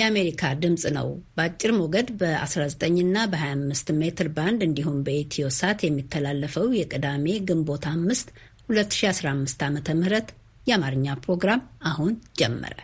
የአሜሪካ ድምፅ ነው። በአጭር ሞገድ በ19ና በ25 ሜትር ባንድ እንዲሁም በኢትዮ ሳት የሚተላለፈው የቅዳሜ ግንቦት 5 2015 ዓ ም የአማርኛ ፕሮግራም አሁን ጀመረ።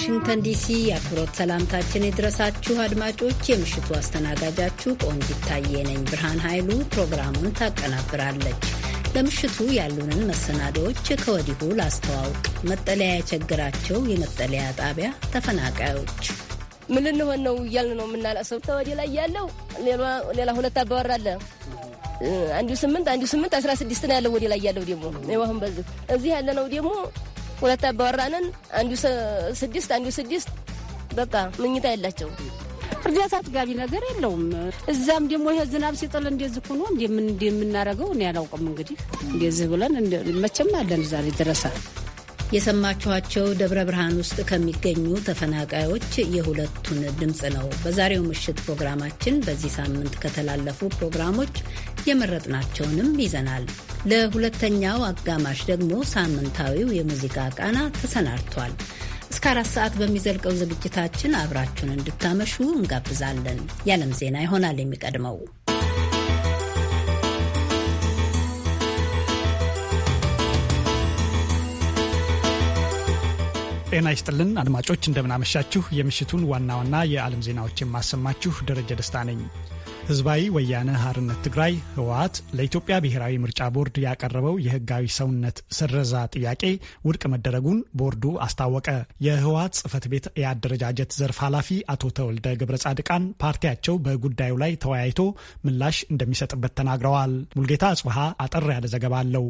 ዋሽንግተን ዲሲ የአክብሮት ሰላምታችን የድረሳችሁ አድማጮች፣ የምሽቱ አስተናጋጃችሁ ቆንጂት ታዬ ነኝ። ብርሃን ኃይሉ ፕሮግራሙን ታቀናብራለች። ለምሽቱ ያሉንን መሰናዶዎች ከወዲሁ ላስተዋውቅ። መጠለያ የቸገራቸው የመጠለያ ጣቢያ ተፈናቃዮች ምን ልንሆን ነው እያልን ነው የምናለቅሰው። ተወዲ ላይ ያለው ሌላ ሁለት አባወራ አለ። አንዱ ስምንት አንዱ ስምንት አስራ ስድስት ነው ያለው ወዲ ላይ ያለው ደግሞ ይኸው አሁን በዚህ እዚህ ያለ ነው ደግሞ ሁለት አባወራንን አንዱ ስድስት አንዱ ስድስት በቃ ምኝታ የላቸው። እርዳታ አጥጋቢ ነገር የለውም። እዛም ደግሞ ይሄ ዝናብ ሲጥል እንደዚህ ሆኖ እንደምናደርገው እኔ አላውቅም። እንግዲህ እንደዚህ ብለን መቼም አለን ዛሬ ድረሳል የሰማችኋቸው ደብረ ብርሃን ውስጥ ከሚገኙ ተፈናቃዮች የሁለቱን ድምፅ ነው። በዛሬው ምሽት ፕሮግራማችን በዚህ ሳምንት ከተላለፉ ፕሮግራሞች የመረጥናቸውንም ይዘናል። ለሁለተኛው አጋማሽ ደግሞ ሳምንታዊው የሙዚቃ ቃና ተሰናድቷል። እስከ አራት ሰዓት በሚዘልቀው ዝግጅታችን አብራችሁን እንድታመሹ እንጋብዛለን። የዓለም ዜና ይሆናል የሚቀድመው ጤና ይስጥልን አድማጮች፣ እንደምናመሻችሁ። የምሽቱን ዋና ዋና የዓለም ዜናዎች የማሰማችሁ ደረጀ ደስታ ነኝ። ህዝባዊ ወያነ ሐርነት ትግራይ ህወሓት ለኢትዮጵያ ብሔራዊ ምርጫ ቦርድ ያቀረበው የህጋዊ ሰውነት ስረዛ ጥያቄ ውድቅ መደረጉን ቦርዱ አስታወቀ። የህወሓት ጽህፈት ቤት የአደረጃጀት ዘርፍ ኃላፊ አቶ ተወልደ ገብረ ጻድቃን ፓርቲያቸው በጉዳዩ ላይ ተወያይቶ ምላሽ እንደሚሰጥበት ተናግረዋል። ሙልጌታ ጽብሃ አጠር ያለ ዘገባ አለው።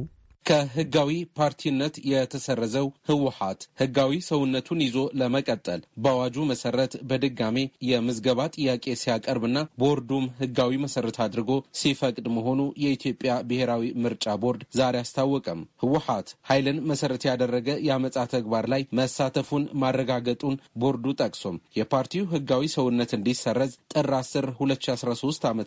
ከህጋዊ ፓርቲነት የተሰረዘው ህወሀት ህጋዊ ሰውነቱን ይዞ ለመቀጠል በአዋጁ መሰረት በድጋሜ የምዝገባ ጥያቄ ሲያቀርብና ቦርዱም ህጋዊ መሰረት አድርጎ ሲፈቅድ መሆኑ የኢትዮጵያ ብሔራዊ ምርጫ ቦርድ ዛሬ አስታወቀም። ህወሀት ኃይልን መሰረት ያደረገ የአመፃ ተግባር ላይ መሳተፉን ማረጋገጡን ቦርዱ ጠቅሶም የፓርቲው ህጋዊ ሰውነት እንዲሰረዝ ጥር 10 2013 ዓ ም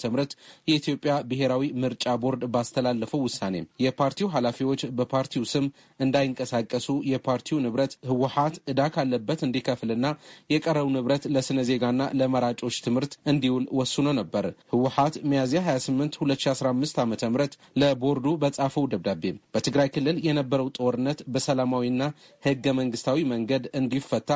የኢትዮጵያ ብሔራዊ ምርጫ ቦርድ ባስተላለፈው ውሳኔ የፓርቲው ኃላፊዎች ተወካዮች በፓርቲው ስም እንዳይንቀሳቀሱ የፓርቲው ንብረት ህወሀት እዳ ካለበት እንዲከፍልና የቀረው ንብረት ለስነ ዜጋና ለመራጮች ትምህርት እንዲውል ወስኖ ነበር። ህወሀት ሚያዝያ 28 2015 ዓ ም ለቦርዱ በጻፈው ደብዳቤ በትግራይ ክልል የነበረው ጦርነት በሰላማዊና ህገ መንግስታዊ መንገድ እንዲፈታ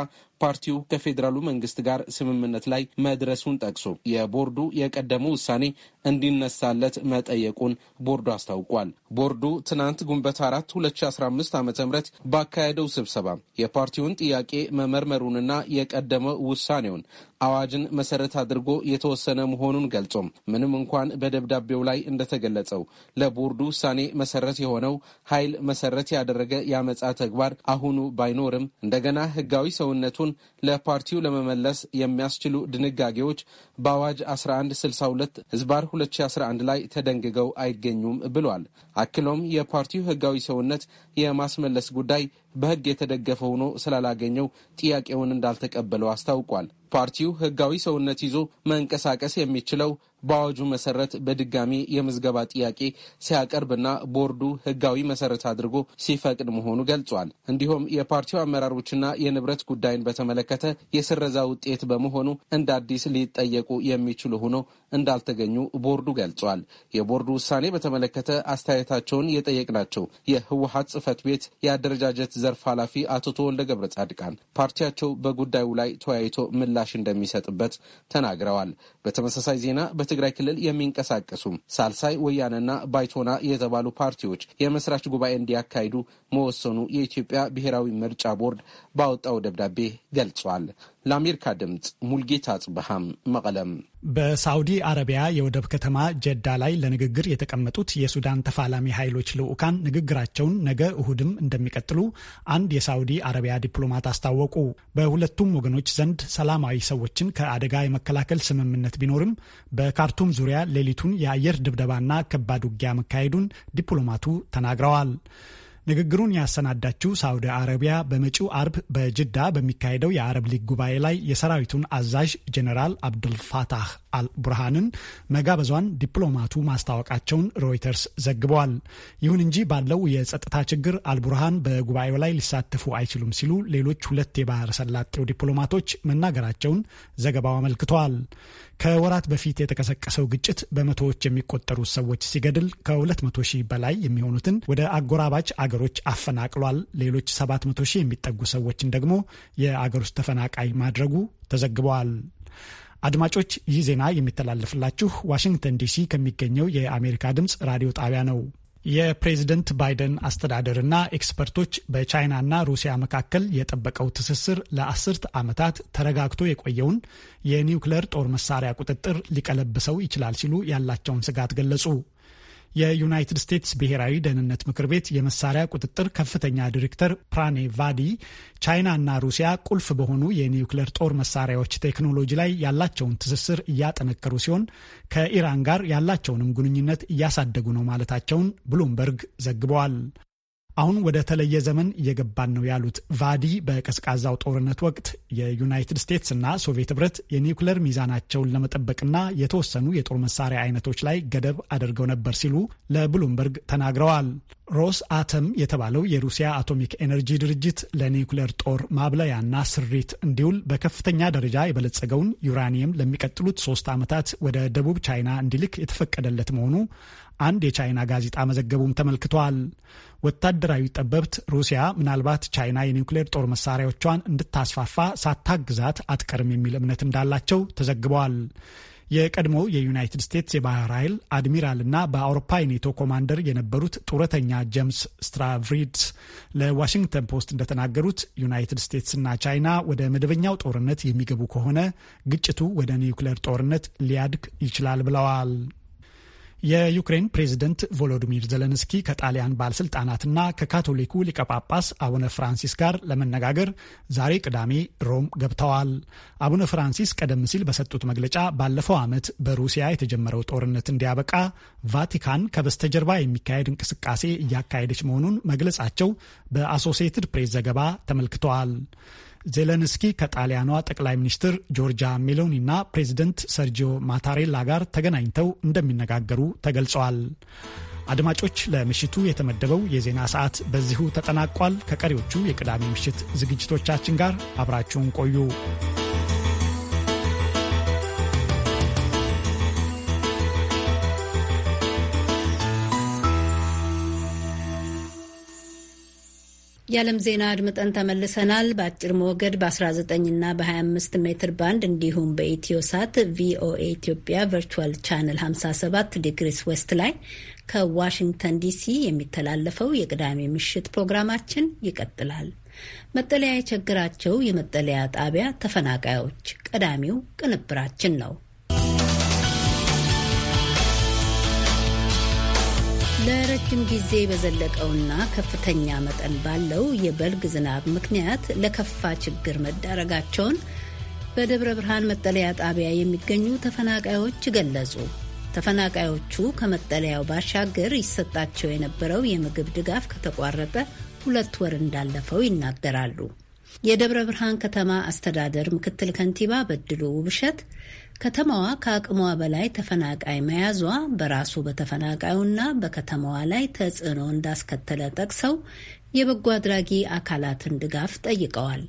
ፓርቲው ከፌዴራሉ መንግስት ጋር ስምምነት ላይ መድረሱን ጠቅሶ የቦርዱ የቀደመ ውሳኔ እንዲነሳለት መጠየቁን ቦርዱ አስታውቋል። ቦርዱ ትናንት ግንቦት 4 2015 ዓ ም ባካሄደው ስብሰባ የፓርቲውን ጥያቄ መመርመሩንና የቀደመ ውሳኔውን አዋጅን መሰረት አድርጎ የተወሰነ መሆኑን ገልጾም ምንም እንኳን በደብዳቤው ላይ እንደተገለጸው ለቦርዱ ውሳኔ መሰረት የሆነው ኃይል መሰረት ያደረገ የአመፃ ተግባር አሁኑ ባይኖርም እንደገና ህጋዊ ሰውነቱን መብቱን ለፓርቲው ለመመለስ የሚያስችሉ ድንጋጌዎች በአዋጅ 1162 ህዝባር 2011 ላይ ተደንግገው አይገኙም ብሏል። አክሎም የፓርቲው ህጋዊ ሰውነት የማስመለስ ጉዳይ በህግ የተደገፈ ሆኖ ስላላገኘው ጥያቄውን እንዳልተቀበለው አስታውቋል። ፓርቲው ህጋዊ ሰውነት ይዞ መንቀሳቀስ የሚችለው በአዋጁ መሰረት በድጋሚ የምዝገባ ጥያቄ ሲያቀርብና ቦርዱ ህጋዊ መሰረት አድርጎ ሲፈቅድ መሆኑ ገልጿል። እንዲሁም የፓርቲው አመራሮችና የንብረት ጉዳይን በተመለከተ የስረዛ ውጤት በመሆኑ እንደ አዲስ ሊጠየቁ የሚችሉ ሆኖ እንዳልተገኙ ቦርዱ ገልጿል። የቦርዱ ውሳኔ በተመለከተ አስተያየታቸውን የጠየቅናቸው የህወሀት ጽህፈት ቤት የአደረጃጀት ዘርፍ ኃላፊ አቶ ተወልደ ገብረ ጻድቃን ፓርቲያቸው በጉዳዩ ላይ ተወያይቶ ምላሽ እንደሚሰጥበት ተናግረዋል። በተመሳሳይ ዜና በትግራይ ክልል የሚንቀሳቀሱ ሳልሳይ ወያነና ባይቶና የተባሉ ፓርቲዎች የመስራች ጉባኤ እንዲያካሂዱ መወሰኑ የኢትዮጵያ ብሔራዊ ምርጫ ቦርድ ባወጣው ደብዳቤ ገልጿል። ለአሜሪካ ድምፅ ሙልጌታ ጽብሃም መቀለም። በሳውዲ አረቢያ የወደብ ከተማ ጀዳ ላይ ለንግግር የተቀመጡት የሱዳን ተፋላሚ ኃይሎች ልዑካን ንግግራቸውን ነገ እሁድም እንደሚቀጥሉ አንድ የሳውዲ አረቢያ ዲፕሎማት አስታወቁ። በሁለቱም ወገኖች ዘንድ ሰላማዊ ሰዎችን ከአደጋ የመከላከል ስምምነት ቢኖርም በካርቱም ዙሪያ ሌሊቱን የአየር ድብደባና ከባድ ውጊያ መካሄዱን ዲፕሎማቱ ተናግረዋል። ንግግሩን ያሰናዳችው ሳውዲ አረቢያ በመጪው አርብ በጅዳ በሚካሄደው የአረብ ሊግ ጉባኤ ላይ የሰራዊቱን አዛዥ ጀኔራል አብዱልፋታህ አልቡርሃንን መጋበዟን ዲፕሎማቱ ማስታወቃቸውን ሮይተርስ ዘግበዋል። ይሁን እንጂ ባለው የጸጥታ ችግር አልቡርሃን በጉባኤው ላይ ሊሳተፉ አይችሉም ሲሉ ሌሎች ሁለት የባህረ ሰላጤው ዲፕሎማቶች መናገራቸውን ዘገባው አመልክተዋል። ከወራት በፊት የተቀሰቀሰው ግጭት በመቶዎች የሚቆጠሩ ሰዎች ሲገድል ከ200 ሺህ በላይ የሚሆኑትን ወደ አጎራባች አገሮች አፈናቅሏል። ሌሎች 700 ሺህ የሚጠጉ ሰዎችን ደግሞ የአገር ውስጥ ተፈናቃይ ማድረጉ ተዘግበዋል። አድማጮች ይህ ዜና የሚተላለፍላችሁ ዋሽንግተን ዲሲ ከሚገኘው የአሜሪካ ድምፅ ራዲዮ ጣቢያ ነው። የፕሬዝደንት ባይደን አስተዳደርና ኤክስፐርቶች በቻይናና ሩሲያ መካከል የጠበቀው ትስስር ለአስርት ዓመታት ተረጋግቶ የቆየውን የኒውክለር ጦር መሳሪያ ቁጥጥር ሊቀለብሰው ይችላል ሲሉ ያላቸውን ስጋት ገለጹ። የዩናይትድ ስቴትስ ብሔራዊ ደህንነት ምክር ቤት የመሳሪያ ቁጥጥር ከፍተኛ ዲሬክተር ፕራኔ ቫዲ ቻይና እና ሩሲያ ቁልፍ በሆኑ የኒውክሌር ጦር መሳሪያዎች ቴክኖሎጂ ላይ ያላቸውን ትስስር እያጠነከሩ ሲሆን ከኢራን ጋር ያላቸውንም ግንኙነት እያሳደጉ ነው ማለታቸውን ብሉምበርግ ዘግበዋል። አሁን ወደ ተለየ ዘመን እየገባን ነው ያሉት ቫዲ በቀዝቃዛው ጦርነት ወቅት የዩናይትድ ስቴትስ እና ሶቪየት ህብረት የኒውክለር ሚዛናቸውን ለመጠበቅና የተወሰኑ የጦር መሳሪያ አይነቶች ላይ ገደብ አድርገው ነበር ሲሉ ለብሉምበርግ ተናግረዋል። ሮስ አተም የተባለው የሩሲያ አቶሚክ ኤነርጂ ድርጅት ለኒውክለር ጦር ማብለያና ስሪት እንዲውል በከፍተኛ ደረጃ የበለጸገውን ዩራኒየም ለሚቀጥሉት ሶስት ዓመታት ወደ ደቡብ ቻይና እንዲልክ የተፈቀደለት መሆኑ አንድ የቻይና ጋዜጣ መዘገቡም ተመልክቷል። ወታደራዊ ጠበብት ሩሲያ ምናልባት ቻይና የኒውክሌር ጦር መሳሪያዎቿን እንድታስፋፋ ሳታግዛት አትቀርም የሚል እምነት እንዳላቸው ተዘግበዋል። የቀድሞ የዩናይትድ ስቴትስ የባህር ኃይል አድሚራል እና በአውሮፓ የኔቶ ኮማንደር የነበሩት ጡረተኛ ጄምስ ስትራቭሪድስ ለዋሽንግተን ፖስት እንደተናገሩት ዩናይትድ እና ቻይና ወደ መደበኛው ጦርነት የሚገቡ ከሆነ ግጭቱ ወደ ኒውክሌር ጦርነት ሊያድግ ይችላል ብለዋል። የዩክሬን ፕሬዝደንት ቮሎዲሚር ዘለንስኪ ከጣሊያን ባለስልጣናትና ከካቶሊኩ ሊቀ ጳጳስ አቡነ ፍራንሲስ ጋር ለመነጋገር ዛሬ ቅዳሜ ሮም ገብተዋል። አቡነ ፍራንሲስ ቀደም ሲል በሰጡት መግለጫ ባለፈው ዓመት በሩሲያ የተጀመረው ጦርነት እንዲያበቃ ቫቲካን ከበስተጀርባ የሚካሄድ እንቅስቃሴ እያካሄደች መሆኑን መግለጻቸው በአሶሲየትድ ፕሬስ ዘገባ ተመልክተዋል። ዜለንስኪ ከጣሊያኗ ጠቅላይ ሚኒስትር ጆርጃ ሜሎኒ ና ፕሬዚደንት ሰርጂዮ ማታሬላ ጋር ተገናኝተው እንደሚነጋገሩ ተገልጸዋል። አድማጮች፣ ለምሽቱ የተመደበው የዜና ሰዓት በዚሁ ተጠናቋል። ከቀሪዎቹ የቅዳሜ ምሽት ዝግጅቶቻችን ጋር አብራችሁን ቆዩ። የዓለም ዜና አድምጠን ተመልሰናል። በአጭር ሞገድ በ19 እና በ25 ሜትር ባንድ እንዲሁም በኢትዮ ሳት ቪኦኤ ኢትዮጵያ ቨርቹዋል ቻነል 57 ዲግሪስ ዌስት ላይ ከዋሽንግተን ዲሲ የሚተላለፈው የቅዳሜ ምሽት ፕሮግራማችን ይቀጥላል። መጠለያ የቸግራቸው የመጠለያ ጣቢያ ተፈናቃዮች ቀዳሚው ቅንብራችን ነው። ለረጅም ጊዜ በዘለቀውና ከፍተኛ መጠን ባለው የበልግ ዝናብ ምክንያት ለከፋ ችግር መዳረጋቸውን በደብረ ብርሃን መጠለያ ጣቢያ የሚገኙ ተፈናቃዮች ገለጹ። ተፈናቃዮቹ ከመጠለያው ባሻገር ይሰጣቸው የነበረው የምግብ ድጋፍ ከተቋረጠ ሁለት ወር እንዳለፈው ይናገራሉ። የደብረ ብርሃን ከተማ አስተዳደር ምክትል ከንቲባ በድሉ ውብሸት ከተማዋ ከአቅሟ በላይ ተፈናቃይ መያዟ በራሱ በተፈናቃዩና በከተማዋ ላይ ተጽዕኖ እንዳስከተለ ጠቅሰው የበጎ አድራጊ አካላትን ድጋፍ ጠይቀዋል።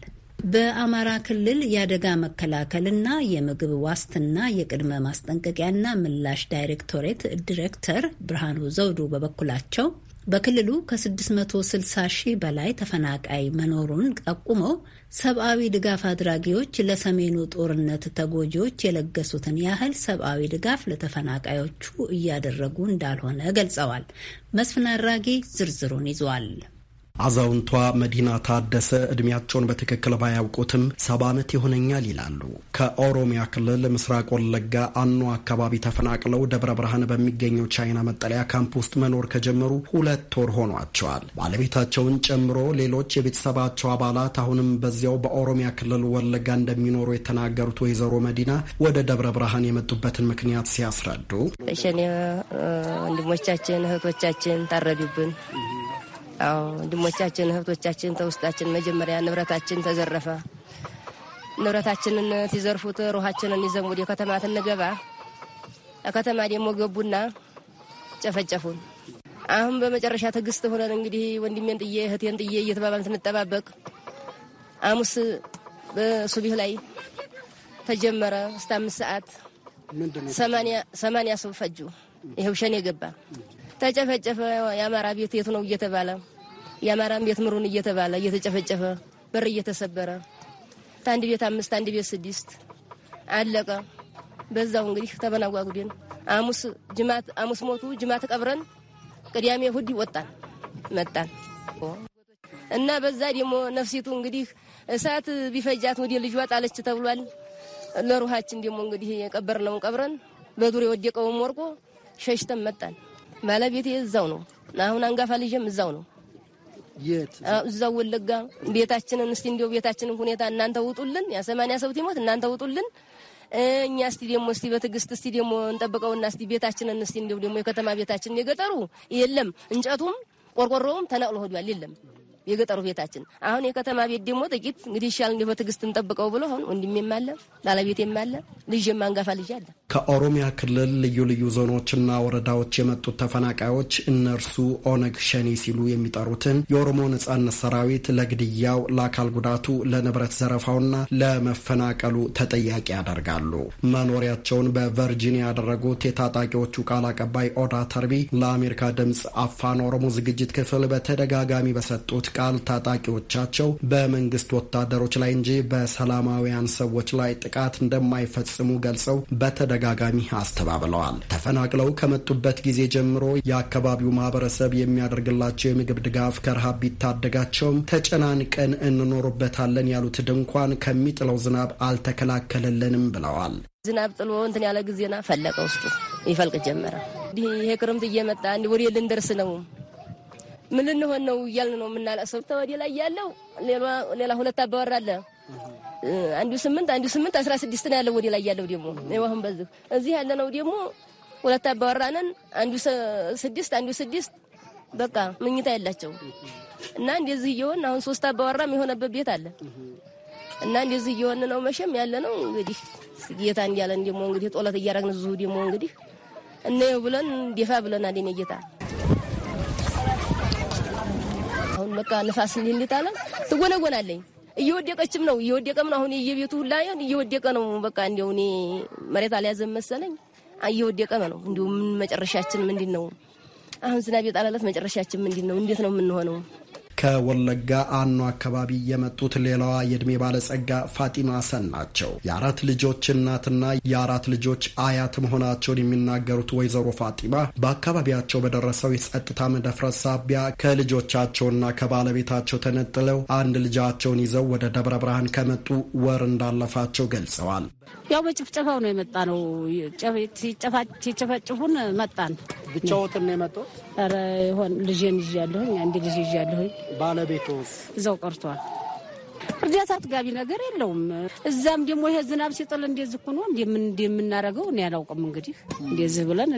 በአማራ ክልል የአደጋ መከላከልና የምግብ ዋስትና የቅድመ ማስጠንቀቂያና ምላሽ ዳይሬክቶሬት ዲሬክተር ብርሃኑ ዘውዱ በበኩላቸው በክልሉ ከ660 ሺህ በላይ ተፈናቃይ መኖሩን ጠቁመው ሰብአዊ ድጋፍ አድራጊዎች ለሰሜኑ ጦርነት ተጎጂዎች የለገሱትን ያህል ሰብአዊ ድጋፍ ለተፈናቃዮቹ እያደረጉ እንዳልሆነ ገልጸዋል። መስፍን አራጌ ዝርዝሩን ይዟል። አዛውንቷ መዲና ታደሰ እድሜያቸውን በትክክል ባያውቁትም ሰባ ዓመት ይሆነኛል ይላሉ። ከኦሮሚያ ክልል ምስራቅ ወለጋ አኖ አካባቢ ተፈናቅለው ደብረ ብርሃን በሚገኘው ቻይና መጠለያ ካምፕ ውስጥ መኖር ከጀመሩ ሁለት ወር ሆኗቸዋል። ባለቤታቸውን ጨምሮ ሌሎች የቤተሰባቸው አባላት አሁንም በዚያው በኦሮሚያ ክልል ወለጋ እንደሚኖሩ የተናገሩት ወይዘሮ መዲና ወደ ደብረ ብርሃን የመጡበትን ምክንያት ሲያስረዱ ወንድሞቻችን እህቶቻችን ታረዱብን አዎ ወንድሞቻችን እህቶቻችን ተውስጣችን መጀመሪያ ንብረታችን ተዘረፈ። ንብረታችንን ሲዘርፉት ሩሃችንን ይዘን ወደ ከተማ ትንገባ ከተማ ደግሞ ገቡና ጨፈጨፉን። አሁን በመጨረሻ ትዕግስት ሆነን እንግዲህ ወንድሜን ጥዬ እህቴን ጥዬ እየተባባን ስንጠባበቅ አሙስ በሱቢህ ላይ ተጀመረ እስከ አምስት ሰዓት ሰማንያ ሰው ፈጁ። ይኸው ሸኔ ገባ። ተጨፈጨፈ። የአማራ ቤት የት ነው እየተባለ የአማራም ቤት ምሩን እየተባለ እየተጨፈጨፈ በር እየተሰበረ አንድ ቤት አምስት አንድ ቤት ስድስት አለቀ። በዛው እንግዲህ ተበናጓጉዴን አሙስ ጅማት አሙስ ሞቱ ጅማት ቀብረን ቅዳሜ እሑድ ወጣን መጣን እና በዛ ደግሞ ነፍሲቱ እንግዲህ እሳት ቢፈጃት ወደ ልጅ ወጣለች ተብሏል። ለሩሃችን ደግሞ እንግዲህ የቀበርነውን ቀብረን በዱር የወደቀውን ወርቆ ሸሽተን መጣን። ባለቤቴ እዛው ነው። አሁን አንጋፋ ልጅም እዛው ነው። የት እዛው ወለጋ ቤታችንን እስቲ እንዲያው ቤታችንን ሁኔታ እናንተ ውጡልን። ያ ሰማንያ ሰው ቲሞት እናንተ ውጡልን። እኛ እስቲ ደግሞ እስቲ በትዕግስት እስቲ ደግሞ እንጠብቀውና እስቲ ቤታችንን እስቲ እንዲያው ደግሞ የከተማ ቤታችንን የገጠሩ የለም እንጨቱም ቆርቆሮውም ተነቅሎ ሆዷል። የለም የገጠሩ ቤታችን አሁን የከተማ ቤት ደግሞ ጥቂት እንግዲህ ይሻል እንዲሁ በትዕግስት እንጠብቀው ብሎ አሁን ወንድሜም አለ ባለቤቴም አለ ልጅም አንጋፋ ልጅ አለ ከኦሮሚያ ክልል ልዩ ልዩ ዞኖችና ወረዳዎች የመጡት ተፈናቃዮች እነርሱ ኦነግ ሸኔ ሲሉ የሚጠሩትን የኦሮሞ ነጻነት ሰራዊት ለግድያው፣ ለአካል ጉዳቱ፣ ለንብረት ዘረፋውና ለመፈናቀሉ ተጠያቂ ያደርጋሉ። መኖሪያቸውን በቨርጂኒያ ያደረጉት የታጣቂዎቹ ቃል አቀባይ ኦዳ ተርቢ ለአሜሪካ ድምፅ አፋን ኦሮሞ ዝግጅት ክፍል በተደጋጋሚ በሰጡት ቃል ታጣቂዎቻቸው በመንግስት ወታደሮች ላይ እንጂ በሰላማውያን ሰዎች ላይ ጥቃት እንደማይፈጽሙ ገልጸው በተደ በተደጋጋሚ አስተባብለዋል። ተፈናቅለው ከመጡበት ጊዜ ጀምሮ የአካባቢው ማህበረሰብ የሚያደርግላቸው የምግብ ድጋፍ ከረሃብ ቢታደጋቸውም ተጨናንቀን እንኖርበታለን ያሉት ድንኳን ከሚጥለው ዝናብ አልተከላከለልንም ብለዋል። ዝናብ ጥሎ እንትን ያለ ጊዜና ፈለቀ ውስጡ ይፈልቅ ጀመረ። እንዲህ ይሄ ክርምት እየመጣ እንዲ ወዴ ልንደርስ ነው ምን ልንሆን ነው እያልን ነው የምናለቅሰው። ተወዴ ላይ ያለው ሌላ ሁለት አባወራ አለ አንዱ ስምንት አንዱ ስምንት አስራ ስድስት ነው ያለው። ወደ ላይ ያለው ደግሞ አሁን በዚህ እዚህ ያለ ነው ደግሞ ሁለት አባወራነን አንዱ ስድስት አንዱ ስድስት በቃ ምኝታ ያላቸው እና እንደዚህ እየሆን አሁን ሶስት አባወራም የሆነበት ቤት አለ እና እንደዚህ እየሆን ነው መሸም ያለ ነው እንግዲህ ጌታ እንዲያለን ደግሞ እንግዲህ ጦለት እያደረግን ዙ ደግሞ እንግዲህ እናየው ብለን እንዴፋ ብለን አደነ ጌታ አሁን በቃ ንፋስ እንዲህ እንዲታለን ትጎነጎናለኝ እየወደቀችም ነው እየወደቀም ነው። አሁን እየቤቱ ሁላ እየወደቀ ነው። በቃ እንዲያው እኔ መሬት አልያዘም መሰለኝ እየወደቀ ነው። እንዲሁ ምን መጨረሻችን ምንድን ነው? አሁን ዝናብ የጣለለት መጨረሻችን ምንድን ነው? እንዴት ነው የምንሆነው? ከወለጋ አኗ አካባቢ የመጡት ሌላዋ የእድሜ ባለጸጋ ፋጢማ ሰን ናቸው። የአራት ልጆች እናትና የአራት ልጆች አያት መሆናቸውን የሚናገሩት ወይዘሮ ፋጢማ በአካባቢያቸው በደረሰው የጸጥታ መደፍረስ ሳቢያ ከልጆቻቸውና ከባለቤታቸው ተነጥለው አንድ ልጃቸውን ይዘው ወደ ደብረ ብርሃን ከመጡ ወር እንዳለፋቸው ገልጸዋል። ያው በጭፍጨፋው ነው የመጣ ነው። ሲጨፋጭፉን መጣን። ብቻዎትን ነው የመጡት? ልጄን ይዤ ያለሁኝ አንድ ልጅ ይዤ ያለሁኝ ባለቤቶስ? እዛው ቀርቷል። እርዳታ አጥጋቢ ነገር የለውም። እዛም ደግሞ ይሄ ዝናብ ሲጥል እንደዚህ ሆኖ እንደምናደርገው እኔ አላውቅም። እንግዲህ እንደዚህ ብለን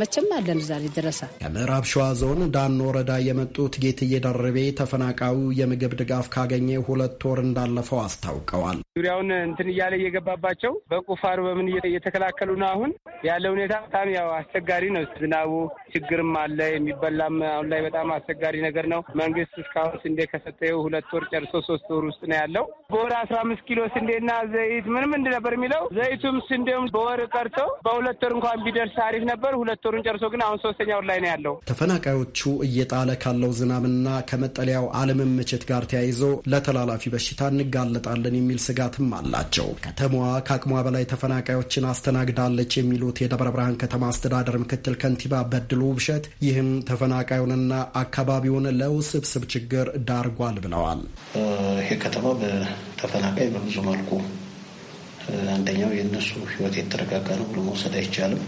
መቼም አለን ዛሬ ድረሳ ከምዕራብ ሸዋ ዞን ዳን ወረዳ የመጡት ጌትዬ ደርቤ ተፈናቃዩ የምግብ ድጋፍ ካገኘ ሁለት ወር እንዳለፈው አስታውቀዋል። ዙሪያውን እንትን እያለ እየገባባቸው በቁፋሩ በምን እየተከላከሉ ነው። አሁን ያለ ሁኔታ በጣም ያው አስቸጋሪ ነው። ዝናቡ ችግርም አለ። የሚበላም አሁን ላይ በጣም አስቸጋሪ ነገር ነው። መንግስት እስካሁን ስንዴ ከሰጠው ሁለት ወር ጨርሶ ሶስት ወር ውስጥ ነው ያለ ያለው በወር አስራ አምስት ኪሎ ስንዴና ዘይት ምን ምንድ ነበር የሚለው ዘይቱም ስንዴውም በወር ቀርቶ በሁለት ወር እንኳን ቢደርስ አሪፍ ነበር። ሁለት ወሩን ጨርሶ ግን አሁን ሶስተኛ ወር ላይ ነው ያለው። ተፈናቃዮቹ እየጣለ ካለው ዝናብና ከመጠለያው አለመመቸት ጋር ተያይዞ ለተላላፊ በሽታ እንጋለጣለን የሚል ስጋትም አላቸው። ከተማዋ ከአቅሟ በላይ ተፈናቃዮችን አስተናግዳለች የሚሉት የደብረ ብርሃን ከተማ አስተዳደር ምክትል ከንቲባ በድሉ ውብሸት ይህም ተፈናቃዩንና አካባቢውን ለውስብስብ ችግር ዳርጓል ብለዋል። ይሄ ከተማ ተፈናቃይ በብዙ መልኩ አንደኛው የእነሱ ህይወት የተረጋጋ ነው ብሎ መውሰድ አይቻልም።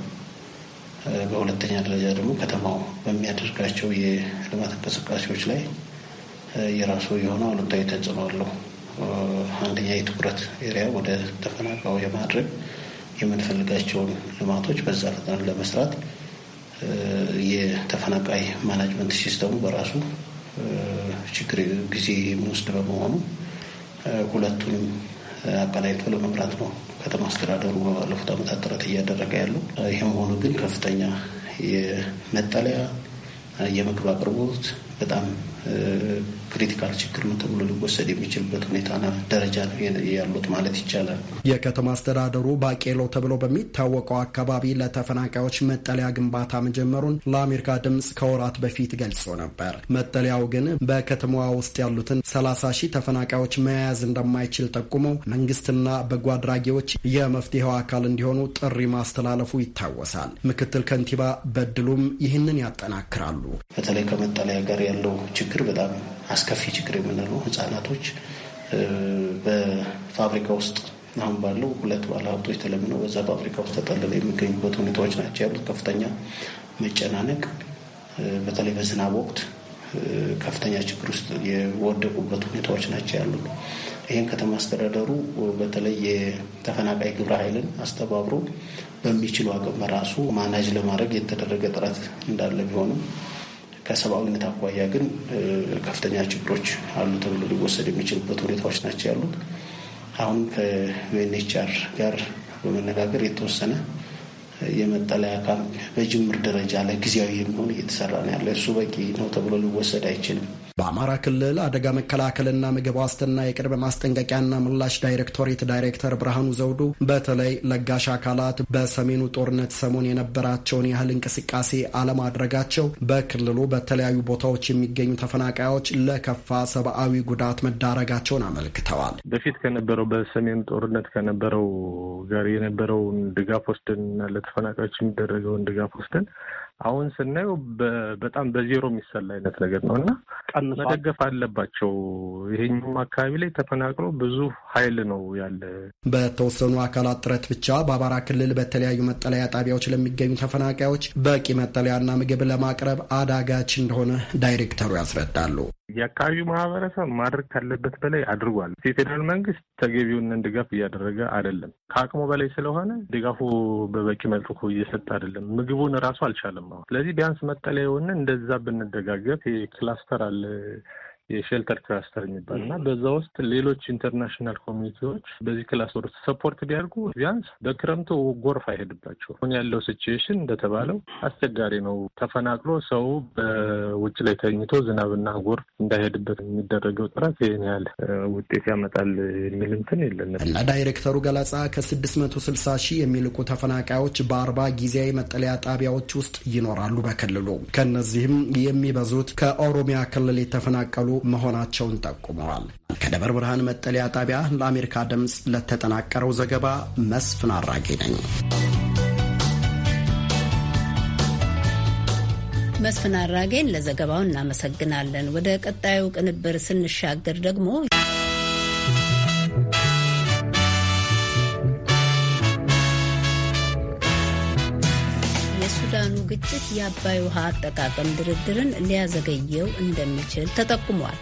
በሁለተኛ ደረጃ ደግሞ ከተማው በሚያደርጋቸው የልማት እንቅስቃሴዎች ላይ የራሱ የሆነ አሉታዊ ተጽዕኖ አለው። አንደኛ የትኩረት ኤሪያ ወደ ተፈናቃዩ የማድረግ የምንፈልጋቸውን ልማቶች በዛ ፍጥነት ለመስራት የተፈናቃይ ማናጅመንት ሲስተሙ በራሱ ችግር ጊዜ የሚወስድ በመሆኑ ሁለቱንም አቀናይቶ ለመምራት ነው ከተማ አስተዳደሩ በባለፉት ዓመታት ጥረት እያደረገ ያለው። ይህም ሆኖ ግን ከፍተኛ የመጠለያ የምግብ አቅርቦት በጣም ክሪቲካል ችግር ነው ተብሎ ሊወሰድ የሚችልበት ሁኔታ ደረጃ ነው ያሉት ማለት ይቻላል። የከተማ አስተዳደሩ ባቄሎ ተብሎ በሚታወቀው አካባቢ ለተፈናቃዮች መጠለያ ግንባታ መጀመሩን ለአሜሪካ ድምፅ ከወራት በፊት ገልጾ ነበር። መጠለያው ግን በከተማዋ ውስጥ ያሉትን ሰላሳ ሺህ ተፈናቃዮች መያዝ እንደማይችል ጠቁመው መንግስትና በጎ አድራጊዎች የመፍትሄው አካል እንዲሆኑ ጥሪ ማስተላለፉ ይታወሳል። ምክትል ከንቲባ በድሉም ይህንን ያጠናክራሉ። በተለይ ከመጠለያ ጋር ያለው ችግር በጣም አስከፊ ችግር የምንለው ህጻናቶች በፋብሪካ ውስጥ አሁን ባለው ሁለት ባለሀብቶች ተለምነው በዛ ፋብሪካ ውስጥ ተጠልለው የሚገኙበት ሁኔታዎች ናቸው ያሉት። ከፍተኛ መጨናነቅ፣ በተለይ በዝናብ ወቅት ከፍተኛ ችግር ውስጥ የወደቁበት ሁኔታዎች ናቸው ያሉት። ይህን ከተማ አስተዳደሩ በተለይ የተፈናቃይ ግብረ ኃይልን አስተባብሮ በሚችሉ አቅም በራሱ ማናጅ ለማድረግ የተደረገ ጥረት እንዳለ ቢሆንም ከሰብአዊነት አኳያ ግን ከፍተኛ ችግሮች አሉ ተብሎ ሊወሰድ የሚችልበት ሁኔታዎች ናቸው ያሉት። አሁን ከዩኤንኤችሲአር ጋር በመነጋገር የተወሰነ የመጠለያ ካምፕ በጅምር ደረጃ ለጊዜያዊ የሚሆን እየተሰራ ነው ያለ። እሱ በቂ ነው ተብሎ ሊወሰድ አይችልም። በአማራ ክልል አደጋ መከላከልና ምግብ ዋስትና የቅድመ ማስጠንቀቂያና ምላሽ ዳይሬክቶሬት ዳይሬክተር ብርሃኑ ዘውዱ በተለይ ለጋሽ አካላት በሰሜኑ ጦርነት ሰሞን የነበራቸውን ያህል እንቅስቃሴ አለማድረጋቸው በክልሉ በተለያዩ ቦታዎች የሚገኙ ተፈናቃዮች ለከፋ ሰብአዊ ጉዳት መዳረጋቸውን አመልክተዋል። በፊት ከነበረው በሰሜኑ ጦርነት ከነበረው ጋር የነበረውን ድጋፍ ወስደንና ለተፈናቃዮች የሚደረገውን ድጋፍ ወስደን አሁን ስናየው በጣም በዜሮ የሚሰላ አይነት ነገር ነው እና ቀንሷል። መደገፍ አለባቸው። ይሄኛውም አካባቢ ላይ ተፈናቅሎ ብዙ ኃይል ነው ያለ። በተወሰኑ አካላት ጥረት ብቻ በአማራ ክልል በተለያዩ መጠለያ ጣቢያዎች ለሚገኙ ተፈናቃዮች በቂ መጠለያና ምግብ ለማቅረብ አዳጋች እንደሆነ ዳይሬክተሩ ያስረዳሉ። የአካባቢው ማህበረሰብ ማድረግ ካለበት በላይ አድርጓል። የፌዴራል መንግስት ተገቢውን ድጋፍ እያደረገ አይደለም። ከአቅሙ በላይ ስለሆነ ድጋፉ በበቂ መልኩ እየሰጠ አይደለም። ምግቡን እራሱ አልቻለም። ስለዚህ ቢያንስ መጠለያውን እንደዛ ብንደጋገፍ ክላስተር አለ የሼልተር ክላስተር የሚባል እና በዛ ውስጥ ሌሎች ኢንተርናሽናል ኮሚኒቲዎች በዚህ ክላስተር ውስጥ ሰፖርት ቢያደርጉ ቢያንስ በክረምቱ ጎርፍ አይሄድባቸው። አሁን ያለው ሲቹዌሽን እንደተባለው አስቸጋሪ ነው። ተፈናቅሎ ሰው በውጭ ላይ ተኝቶ ዝናብና ጎርፍ እንዳይሄድበት የሚደረገው ጥረት ይህን ያህል ውጤት ያመጣል የሚል እንትን የለንም። እንደ ዳይሬክተሩ ገለጻ መቶ ስልሳ ሺህ የሚልቁ ተፈናቃዮች በአርባ ጊዜያዊ መጠለያ ጣቢያዎች ውስጥ ይኖራሉ በክልሉ ከእነዚህም የሚበዙት ከኦሮሚያ ክልል የተፈናቀሉ መሆናቸውን ጠቁመዋል። ከደብረ ብርሃን መጠለያ ጣቢያ ለአሜሪካ ድምፅ ለተጠናቀረው ዘገባ መስፍን አራጌ ነኝ። መስፍን አራጌን ለዘገባው እናመሰግናለን። ወደ ቀጣዩ ቅንብር ስንሻገር ደግሞ ግጭት የአባይ ውሃ አጠቃቀም ድርድርን ሊያዘገየው እንደሚችል ተጠቁሟል።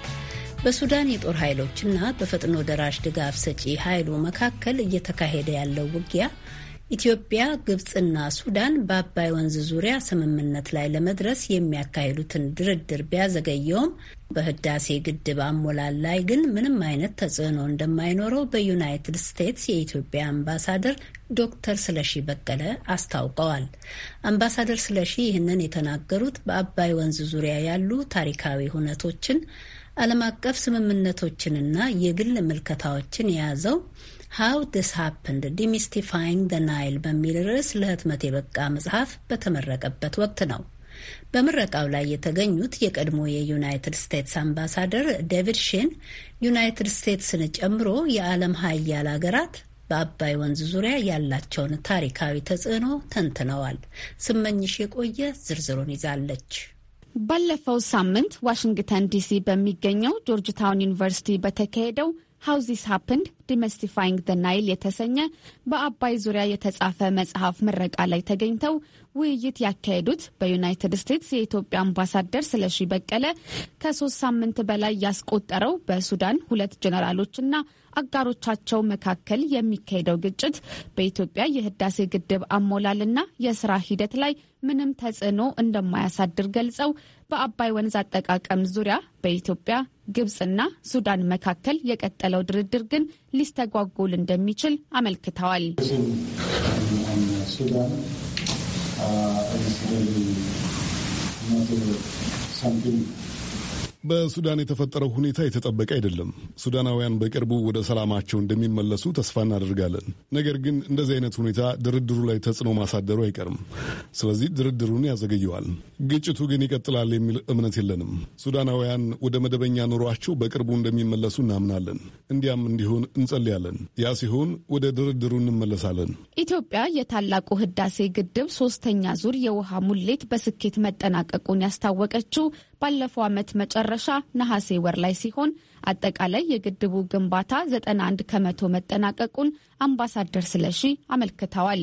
በሱዳን የጦር ኃይሎችና በፈጥኖ ደራሽ ድጋፍ ሰጪ ኃይሉ መካከል እየተካሄደ ያለው ውጊያ ኢትዮጵያ፣ ግብፅና ሱዳን በአባይ ወንዝ ዙሪያ ስምምነት ላይ ለመድረስ የሚያካሂዱትን ድርድር ቢያዘገየውም በህዳሴ ግድብ አሞላል ላይ ግን ምንም አይነት ተጽዕኖ እንደማይኖረው በዩናይትድ ስቴትስ የኢትዮጵያ አምባሳደር ዶክተር ስለሺ በቀለ አስታውቀዋል። አምባሳደር ስለሺ ይህንን የተናገሩት በአባይ ወንዝ ዙሪያ ያሉ ታሪካዊ ሁነቶችን ዓለም አቀፍ ስምምነቶችንና የግል ምልከታዎችን የያዘው ሃው ዲስ ሃፕንድ ዲሚስቲፋይንግ ደ ናይል በሚል ርዕስ ለህትመት የበቃ መጽሐፍ በተመረቀበት ወቅት ነው። በምረቃው ላይ የተገኙት የቀድሞ የዩናይትድ ስቴትስ አምባሳደር ዴቪድ ሺን ዩናይትድ ስቴትስን ጨምሮ የዓለም ሀያል ሀገራት በአባይ ወንዝ ዙሪያ ያላቸውን ታሪካዊ ተጽዕኖ ተንትነዋል። ስመኝሽ የቆየ ዝርዝሩን ይዛለች። ባለፈው ሳምንት ዋሽንግተን ዲሲ በሚገኘው ጆርጅ ታውን ዩኒቨርሲቲ በተካሄደው ሃውዚስ ሀፕንድ ዲመስቲፋይንግ ደ ናይል የተሰኘ በአባይ ዙሪያ የተጻፈ መጽሐፍ ምረቃ ላይ ተገኝተው ውይይት ያካሄዱት በዩናይትድ ስቴትስ የኢትዮጵያ አምባሳደር ስለሺ በቀለ ከሶስት ሳምንት በላይ ያስቆጠረው በሱዳን ሁለት ና። አጋሮቻቸው መካከል የሚካሄደው ግጭት በኢትዮጵያ የህዳሴ ግድብ አሞላልና የስራ ሂደት ላይ ምንም ተጽዕኖ እንደማያሳድር ገልጸው በአባይ ወንዝ አጠቃቀም ዙሪያ በኢትዮጵያ ግብፅና ሱዳን መካከል የቀጠለው ድርድር ግን ሊስተጓጎል እንደሚችል አመልክተዋል። ሱዳን በሱዳን የተፈጠረው ሁኔታ የተጠበቀ አይደለም። ሱዳናውያን በቅርቡ ወደ ሰላማቸው እንደሚመለሱ ተስፋ እናደርጋለን። ነገር ግን እንደዚህ አይነት ሁኔታ ድርድሩ ላይ ተጽዕኖ ማሳደሩ አይቀርም። ስለዚህ ድርድሩን ያዘገየዋል። ግጭቱ ግን ይቀጥላል የሚል እምነት የለንም። ሱዳናውያን ወደ መደበኛ ኑሯቸው በቅርቡ እንደሚመለሱ እናምናለን። እንዲያም እንዲሆን እንጸልያለን። ያ ሲሆን ወደ ድርድሩ እንመለሳለን። ኢትዮጵያ የታላቁ ህዳሴ ግድብ ሶስተኛ ዙር የውሃ ሙሌት በስኬት መጠናቀቁን ያስታወቀችው ባለፈው ዓመት መጨረሻ ነሐሴ ወር ላይ ሲሆን አጠቃላይ የግድቡ ግንባታ 91 ከመቶ መጠናቀቁን አምባሳደር ስለሺ አመልክተዋል።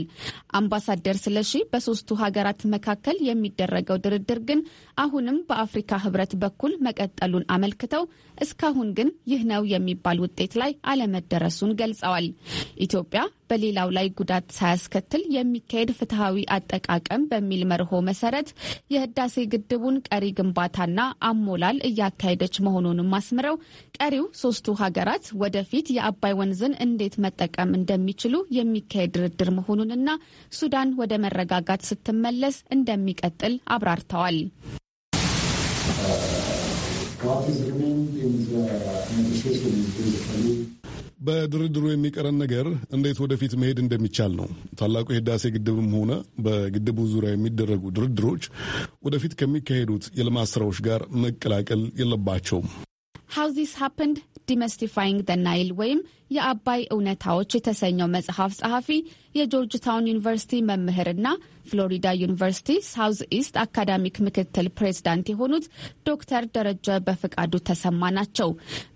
አምባሳደር ስለሺ በሶስቱ ሀገራት መካከል የሚደረገው ድርድር ግን አሁንም በአፍሪካ ህብረት በኩል መቀጠሉን አመልክተው እስካሁን ግን ይህ ነው የሚባል ውጤት ላይ አለመደረሱን ገልጸዋል። ኢትዮጵያ በሌላው ላይ ጉዳት ሳያስከትል የሚካሄድ ፍትሐዊ አጠቃቀም በሚል መርሆ መሰረት የህዳሴ ግድቡን ቀሪ ግንባታና አሞላል እያካሄደች መሆኑንም አስምረው ቀሪው ሶስቱ ሀገራት ወደፊት የአባይ ወንዝን እንዴት መጠቀም እንደሚችሉ የሚካሄድ ድርድር መሆኑንና ሱዳን ወደ መረጋጋት ስትመለስ እንደሚቀጥል አብራርተዋል። በድርድሩ የሚቀረን ነገር እንዴት ወደፊት መሄድ እንደሚቻል ነው። ታላቁ የህዳሴ ግድብም ሆነ በግድቡ ዙሪያ የሚደረጉ ድርድሮች ወደፊት ከሚካሄዱት የልማት ስራዎች ጋር መቀላቀል የለባቸውም። ሃው ዚስ ሃፕንድ ዲመስቲፋይንግ ደ ናይል ወይም የአባይ እውነታዎች የተሰኘው መጽሐፍ ጸሐፊ የጆርጅ ታውን ዩኒቨርሲቲ መምህርና ፍሎሪዳ ዩኒቨርሲቲ ሳውዝ ኢስት አካዳሚክ ምክትል ፕሬዝዳንት የሆኑት ዶክተር ደረጀ በፍቃዱ ተሰማ ናቸው።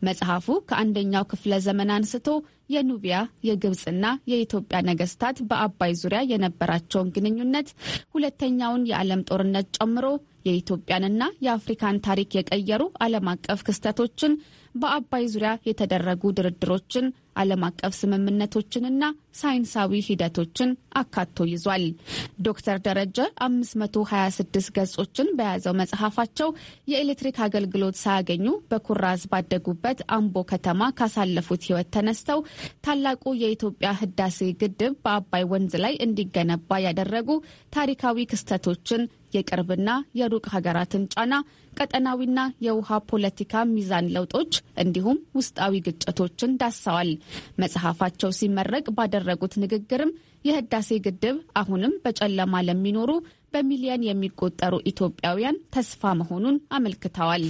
መጽሐፉ ከአንደኛው ክፍለ ዘመን አንስቶ የኑቢያ የግብፅና የኢትዮጵያ ነገስታት በአባይ ዙሪያ የነበራቸውን ግንኙነት፣ ሁለተኛውን የዓለም ጦርነት ጨምሮ የኢትዮጵያንና የአፍሪካን ታሪክ የቀየሩ ዓለም አቀፍ ክስተቶችን፣ በአባይ ዙሪያ የተደረጉ ድርድሮችን፣ ዓለም አቀፍ ስምምነቶችንና ሳይንሳዊ ሂደቶችን አካቶ ይዟል። ዶክተር ደረጀ 526 ገጾችን በያዘው መጽሐፋቸው የኤሌክትሪክ አገልግሎት ሳያገኙ በኩራዝ ባደጉበት አምቦ ከተማ ካሳለፉት ሕይወት ተነስተው ታላቁ የኢትዮጵያ ህዳሴ ግድብ በአባይ ወንዝ ላይ እንዲገነባ ያደረጉ ታሪካዊ ክስተቶችን የቅርብና የሩቅ ሀገራትን ጫና፣ ቀጠናዊና የውሃ ፖለቲካ ሚዛን ለውጦች እንዲሁም ውስጣዊ ግጭቶችን ዳሰዋል። መጽሐፋቸው ሲመረቅ ባደረጉት ንግግርም የህዳሴ ግድብ አሁንም በጨለማ ለሚኖሩ በሚሊየን የሚቆጠሩ ኢትዮጵያውያን ተስፋ መሆኑን አመልክተዋል።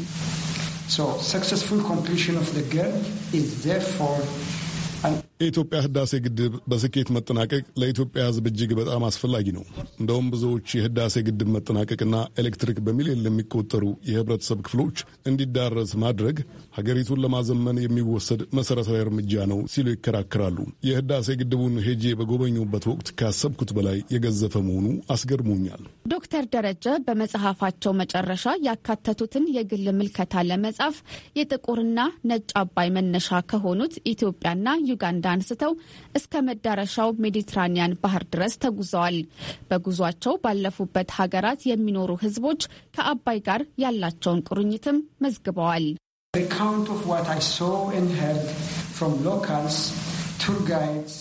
የኢትዮጵያ ህዳሴ ግድብ በስኬት መጠናቀቅ ለኢትዮጵያ ህዝብ እጅግ በጣም አስፈላጊ ነው። እንደውም ብዙዎች የህዳሴ ግድብ መጠናቀቅና ኤሌክትሪክ በሚሊዮን ለሚቆጠሩ የህብረተሰብ ክፍሎች እንዲዳረስ ማድረግ ሀገሪቱን ለማዘመን የሚወሰድ መሰረታዊ እርምጃ ነው ሲሉ ይከራከራሉ። የህዳሴ ግድቡን ሄጄ በጎበኙበት ወቅት ካሰብኩት በላይ የገዘፈ መሆኑ አስገርሞኛል። ዶክተር ደረጀ በመጽሐፋቸው መጨረሻ ያካተቱትን የግል ምልከታ ለመጻፍ የጥቁርና ነጭ አባይ መነሻ ከሆኑት ኢትዮጵያና ዩጋንዳ አንስተው እስከ መዳረሻው ሜዲትራኒያን ባህር ድረስ ተጉዘዋል። በጉዟቸው ባለፉበት ሀገራት የሚኖሩ ህዝቦች ከአባይ ጋር ያላቸውን ቁርኝትም መዝግበዋል። ሪካውንት ኦፍ ዋት አይ ሶ ኤንድ ሄርድ ፍሮም ሎካልስ ቱር ጋይድስ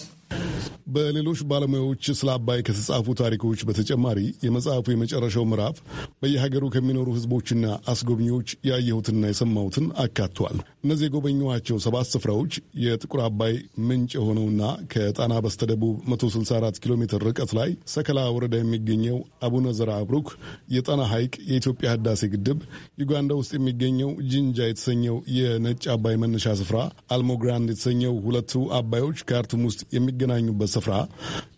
በሌሎች ባለሙያዎች ስለ አባይ ከተጻፉ ታሪኮች በተጨማሪ የመጽሐፉ የመጨረሻው ምዕራፍ በየሀገሩ ከሚኖሩ ሕዝቦችና አስጎብኚዎች ያየሁትና የሰማሁትን አካቷል። እነዚህ የጎበኘኋቸው ሰባት ስፍራዎች የጥቁር አባይ ምንጭ የሆነውና ከጣና በስተደቡብ 164 ኪሎ ሜትር ርቀት ላይ ሰከላ ወረዳ የሚገኘው አቡነ ዘራ አብሩክ፣ የጣና ሐይቅ፣ የኢትዮጵያ ህዳሴ ግድብ፣ ዩጋንዳ ውስጥ የሚገኘው ጂንጃ የተሰኘው የነጭ አባይ መነሻ ስፍራ፣ አልሞግራንድ የተሰኘው ሁለቱ አባዮች ካርቱም ውስጥ የሚ የሚገናኙበት ስፍራ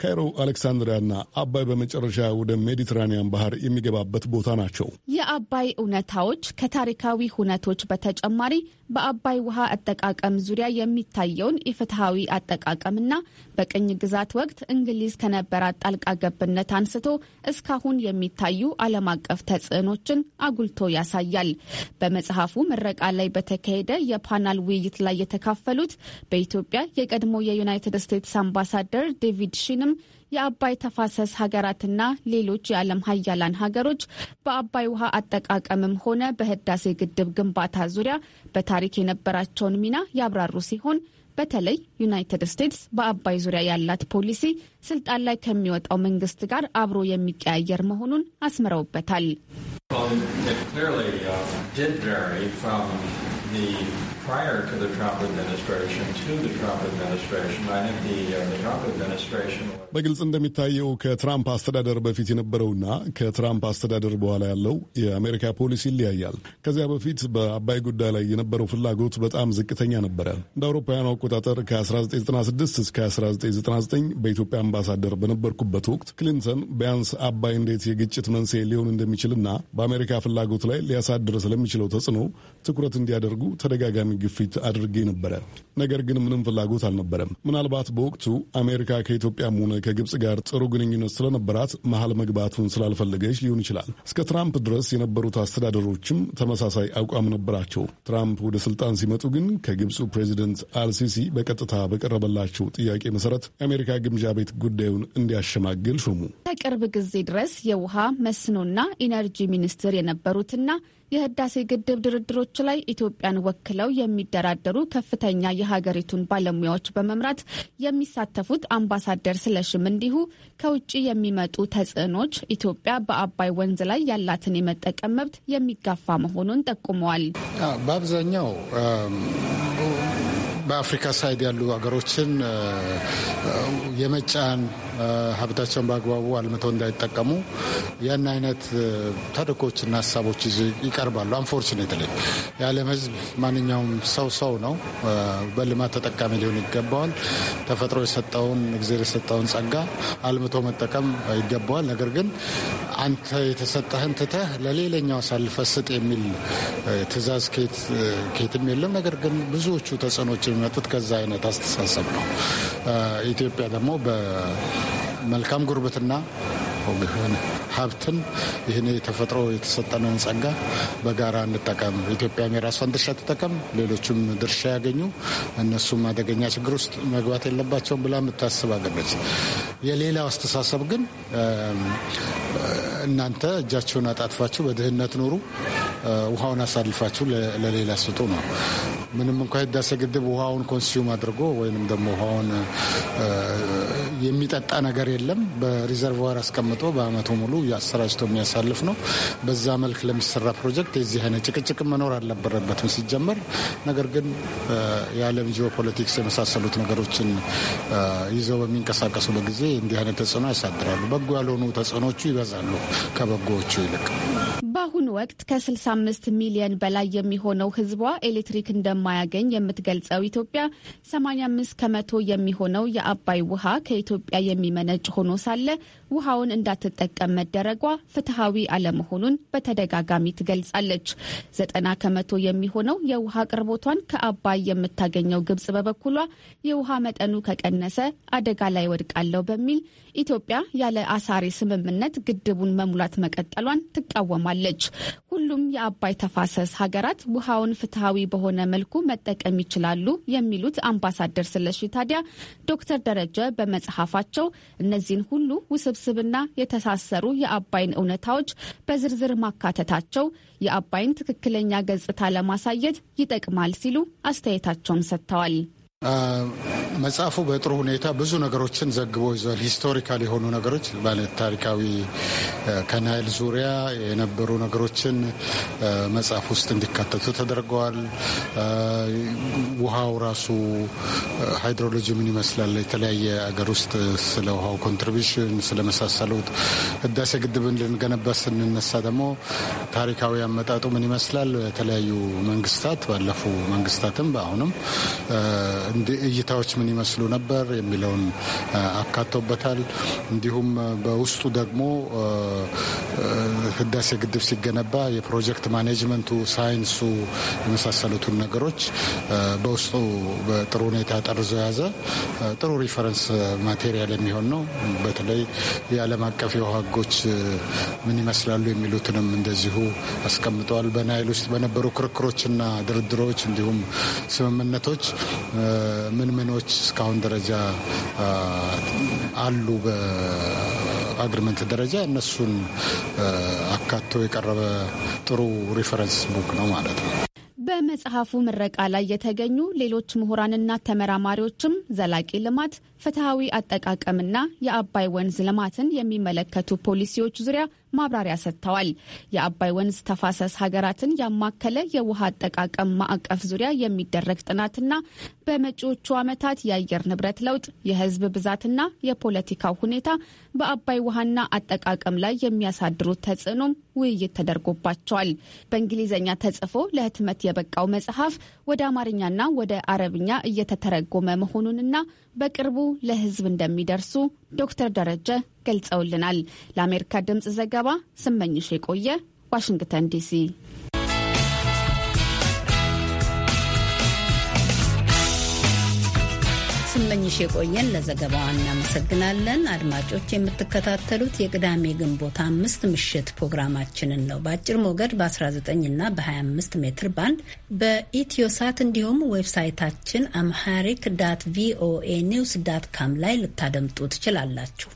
ካይሮ፣ አሌክሳንድሪያና አባይ በመጨረሻ ወደ ሜዲትራኒያን ባህር የሚገባበት ቦታ ናቸው። የአባይ እውነታዎች ከታሪካዊ ሁነቶች በተጨማሪ በአባይ ውሃ አጠቃቀም ዙሪያ የሚታየውን የፍትሐዊ አጠቃቀምና በቅኝ ግዛት ወቅት እንግሊዝ ከነበራት ጣልቃ ገብነት አንስቶ እስካሁን የሚታዩ ዓለም አቀፍ ተጽዕኖችን አጉልቶ ያሳያል። በመጽሐፉ ምረቃ ላይ በተካሄደ የፓናል ውይይት ላይ የተካፈሉት በኢትዮጵያ የቀድሞ የዩናይትድ ስቴትስ አምባሳደር ዴቪድ ሺንም የአባይ ተፋሰስ ሀገራትና ሌሎች የዓለም ሀያላን ሀገሮች በአባይ ውሃ አጠቃቀምም ሆነ በህዳሴ ግድብ ግንባታ ዙሪያ በታሪክ የነበራቸውን ሚና ያብራሩ ሲሆን በተለይ ዩናይትድ ስቴትስ በአባይ ዙሪያ ያላት ፖሊሲ ስልጣን ላይ ከሚወጣው መንግስት ጋር አብሮ የሚቀያየር መሆኑን አስምረውበታል። prior to the Trump administration to the Trump administration. I think the, uh, the Trump administration በግልጽ እንደሚታየው ከትራምፕ አስተዳደር በፊት የነበረውና ከትራምፕ አስተዳደር በኋላ ያለው የአሜሪካ ፖሊሲ ይለያያል። ከዚያ በፊት በአባይ ጉዳይ ላይ የነበረው ፍላጎት በጣም ዝቅተኛ ነበረ። እንደ አውሮፓውያኑ አቆጣጠር ከ1996 እስከ 1999 በኢትዮጵያ አምባሳደር በነበርኩበት ወቅት ክሊንተን ቢያንስ አባይ እንዴት የግጭት መንስኤ ሊሆን እንደሚችልና በአሜሪካ ፍላጎት ላይ ሊያሳድር ስለሚችለው ተጽዕኖ ትኩረት እንዲያደርጉ ተደጋጋሚ ግፊት አድርጌ ነበረ። ነገር ግን ምንም ፍላጎት አልነበረም። ምናልባት በወቅቱ አሜሪካ ከኢትዮጵያም ሆነ ከግብፅ ጋር ጥሩ ግንኙነት ስለነበራት መሀል መግባቱን ስላልፈለገች ሊሆን ይችላል። እስከ ትራምፕ ድረስ የነበሩት አስተዳደሮችም ተመሳሳይ አቋም ነበራቸው። ትራምፕ ወደ ስልጣን ሲመጡ ግን ከግብፁ ፕሬዚደንት አልሲሲ በቀጥታ በቀረበላቸው ጥያቄ መሰረት የአሜሪካ ግምጃ ቤት ጉዳዩን እንዲያሸማግል ሾሙ። ከቅርብ ጊዜ ድረስ የውሃ መስኖና ኢነርጂ ሚኒስትር የነበሩትና የህዳሴ ግድብ ድርድሮች ላይ ኢትዮጵያን ወክለው የ የሚደራደሩ ከፍተኛ የሀገሪቱን ባለሙያዎች በመምራት የሚሳተፉት አምባሳደር ስለሽም እንዲሁ ከውጭ የሚመጡ ተጽዕኖች ኢትዮጵያ በአባይ ወንዝ ላይ ያላትን የመጠቀም መብት የሚጋፋ መሆኑን ጠቁመዋል። በአብዛኛው በአፍሪካ ሳይድ ያሉ ሀገሮችን የመጫን ሀብታቸውን በአግባቡ አልምተው እንዳይጠቀሙ ያን አይነት ተደኮችና ሀሳቦች ይቀርባሉ። አንፎርችኔትሊ የዓለም ሕዝብ ማንኛውም ሰው ሰው ነው። በልማት ተጠቃሚ ሊሆን ይገባዋል። ተፈጥሮ የሰጠውን እግዜር የሰጠውን ጸጋ አልምቶ መጠቀም ይገባዋል። ነገር ግን አንተ የተሰጠህን ትተህ ለሌለኛው አሳልፈ ስጥ የሚል ትዕዛዝ ኬትም የለም። ነገር ግን ብዙዎቹ ተጽዕኖች የሚመጡት ከዛ አይነት አስተሳሰብ ነው። ኢትዮጵያ ደግሞ መልካም ጉርብትና የሆነ ሀብትን ይህን የተፈጥሮ የተሰጠነውን ጸጋ በጋራ እንጠቀም። ኢትዮጵያም የራሷን ድርሻ ትጠቀም፣ ሌሎችም ድርሻ ያገኙ፣ እነሱም አደገኛ ችግር ውስጥ መግባት የለባቸውም ብላ የምታስብ አገረች። የሌላው አስተሳሰብ ግን እናንተ እጃችሁን አጣጥፋችሁ በድህነት ኑሩ፣ ውሃውን አሳልፋችሁ ለሌላ ስጡ ነው። ምንም እንኳ ህዳሴ ግድብ ውሃውን ኮንሲዩም አድርጎ ወይም ደግሞ ውሃውን የሚጠጣ ነገር የለም በሪዘርቫር አስቀምጦ አስቀምጦ በአመቱ ሙሉ አሰራጭቶ የሚያሳልፍ ነው። በዛ መልክ ለሚሰራ ፕሮጀክት የዚህ አይነት ጭቅጭቅ መኖር አልነበረበትም ሲጀመር። ነገር ግን የዓለም ጂኦፖለቲክስ የመሳሰሉት ነገሮችን ይዘው በሚንቀሳቀሱበት ጊዜ እንዲህ አይነት ተጽዕኖ ያሳድራሉ። በጎ ያልሆኑ ተጽዕኖቹ ይበዛሉ ከበጎዎቹ ይልቅ በአሁኑ ወቅት ከ65 ሚሊየን በላይ የሚሆነው ህዝቧ ኤሌክትሪክ እንደማያገኝ የምትገልጸው ኢትዮጵያ 85 ከመቶ የሚሆነው የአባይ ውሃ ከኢትዮጵያ የሚመነጭ ሆኖ ሳለ ውሃውን እንዳትጠቀም መደረጓ ፍትሐዊ አለመሆኑን በተደጋጋሚ ትገልጻለች። ዘጠና ከመቶ የሚሆነው የውሃ አቅርቦቷን ከአባይ የምታገኘው ግብጽ በበኩሏ የውሃ መጠኑ ከቀነሰ አደጋ ላይ ወድቃለሁ በሚል ኢትዮጵያ ያለ አሳሪ ስምምነት ግድቡን መሙላት መቀጠሏን ትቃወማል አቅርባለች። ሁሉም የአባይ ተፋሰስ ሀገራት ውሃውን ፍትሐዊ በሆነ መልኩ መጠቀም ይችላሉ የሚሉት አምባሳደር ስለሺ ታዲያ ዶክተር ደረጀ በመጽሐፋቸው እነዚህን ሁሉ ውስብስብና የተሳሰሩ የአባይን እውነታዎች በዝርዝር ማካተታቸው የአባይን ትክክለኛ ገጽታ ለማሳየት ይጠቅማል ሲሉ አስተያየታቸውን ሰጥተዋል። መጽሐፉ በጥሩ ሁኔታ ብዙ ነገሮችን ዘግቦ ይዟል። ሂስቶሪካል የሆኑ ነገሮች ማለት ታሪካዊ ከናይል ዙሪያ የነበሩ ነገሮችን መጽሐፍ ውስጥ እንዲካተቱ ተደርገዋል። ውሃው ራሱ ሃይድሮሎጂ ምን ይመስላል፣ የተለያየ አገር ውስጥ ስለ ውሃው ኮንትሪቢሽን ስለመሳሰሉት፣ ህዳሴ ግድብን ልንገነባ ስንነሳ ደግሞ ታሪካዊ አመጣጡ ምን ይመስላል፣ የተለያዩ መንግስታት ባለፉ መንግስታትም በአሁንም እይታዎች ምን ይመስሉ ነበር የሚለውን አካቶበታል። እንዲሁም በውስጡ ደግሞ ህዳሴ ግድብ ሲገነባ የፕሮጀክት ማኔጅመንቱ፣ ሳይንሱ የመሳሰሉትን ነገሮች በውስጡ በጥሩ ሁኔታ ጠርዞ የያዘ ጥሩ ሪፈረንስ ማቴሪያል የሚሆን ነው። በተለይ የዓለም አቀፍ የውሃ ህጎች ምን ይመስላሉ የሚሉትንም እንደዚሁ አስቀምጠዋል። በናይል ውስጥ በነበሩ ክርክሮችና ድርድሮች እንዲሁም ስምምነቶች ምን ምኖች እስካሁን ደረጃ አሉ በአግሪመንት ደረጃ እነሱን አካቶ የቀረበ ጥሩ ሪፈረንስ ቡክ ነው ማለት ነው። በመጽሐፉ ምረቃ ላይ የተገኙ ሌሎች ምሁራንና ተመራማሪዎችም ዘላቂ ልማት፣ ፍትሐዊ አጠቃቀምና የአባይ ወንዝ ልማትን የሚመለከቱ ፖሊሲዎች ዙሪያ ማብራሪያ ሰጥተዋል። የአባይ ወንዝ ተፋሰስ ሀገራትን ያማከለ የውሃ አጠቃቀም ማዕቀፍ ዙሪያ የሚደረግ ጥናትና በመጪዎቹ ዓመታት የአየር ንብረት ለውጥ፣ የህዝብ ብዛትና የፖለቲካው ሁኔታ በአባይ ውሃና አጠቃቀም ላይ የሚያሳድሩት ተጽዕኖም ውይይት ተደርጎባቸዋል። በእንግሊዝኛ ተጽፎ ለህትመት የበቃው መጽሐፍ ወደ አማርኛና ወደ አረብኛ እየተተረጎመ መሆኑንና በቅርቡ ለህዝብ እንደሚደርሱ ዶክተር ደረጀ ገልጸውልናል። ለአሜሪካ ድምፅ ዘገባ ስመኝሽ የቆየ ዋሽንግተን ዲሲ። ስመኝሽ የቆየን ለዘገባዋ እናመሰግናለን። አድማጮች የምትከታተሉት የቅዳሜ ግንቦት አምስት ምሽት ፕሮግራማችንን ነው። በአጭር ሞገድ በ19 እና በ25 ሜትር ባንድ በኢትዮሳት እንዲሁም ዌብሳይታችን አምሃሪክ ዳት ቪኦኤ ኒውስ ዳት ካም ላይ ልታደምጡ ትችላላችሁ።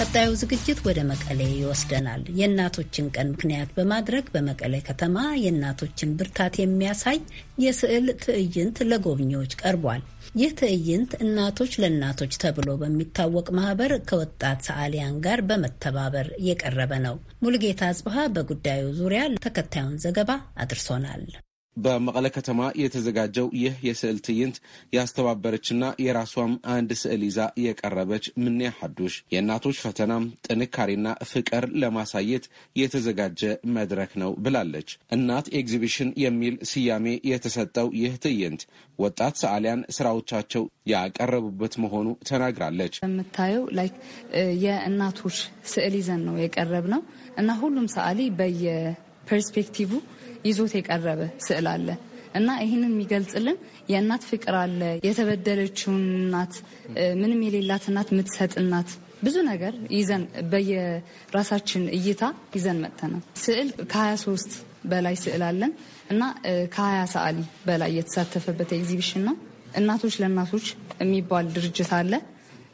ቀጣዩ ዝግጅት ወደ መቀሌ ይወስደናል። የእናቶችን ቀን ምክንያት በማድረግ በመቀሌ ከተማ የእናቶችን ብርታት የሚያሳይ የስዕል ትዕይንት ለጎብኚዎች ቀርቧል። ይህ ትዕይንት እናቶች ለእናቶች ተብሎ በሚታወቅ ማህበር ከወጣት ሰዓሊያን ጋር በመተባበር የቀረበ ነው። ሙልጌታ አጽብሃ በጉዳዩ ዙሪያ ተከታዩን ዘገባ አድርሶናል። በመቀለ ከተማ የተዘጋጀው ይህ የስዕል ትዕይንት ያስተባበረችና የራሷም አንድ ስዕል ይዛ የቀረበች ምንያ ሐዱሽ የእናቶች ፈተናም ጥንካሬና ፍቅር ለማሳየት የተዘጋጀ መድረክ ነው ብላለች። እናት ኤግዚቢሽን የሚል ስያሜ የተሰጠው ይህ ትዕይንት ወጣት ሰዓሊያን ስራዎቻቸው ያቀረቡበት መሆኑ ተናግራለች። የምታየው ላይ የእናቶች ስዕል ይዘን ነው የቀረብ ነው እና ሁሉም ሰዓሊ በየፐርስፔክቲቭ ይዞት የቀረበ ስዕል አለ እና ይህንን የሚገልጽልን የእናት ፍቅር አለ። የተበደለችውን እናት፣ ምንም የሌላት እናት የምትሰጥ እናት ብዙ ነገር ይዘን በየራሳችን እይታ ይዘን መጥተናል። ስዕል ከ23 በላይ ስዕል አለን እና ከ20 ሰዓሊ በላይ የተሳተፈበት ኤግዚቢሽን ነው። እናቶች ለእናቶች የሚባል ድርጅት አለ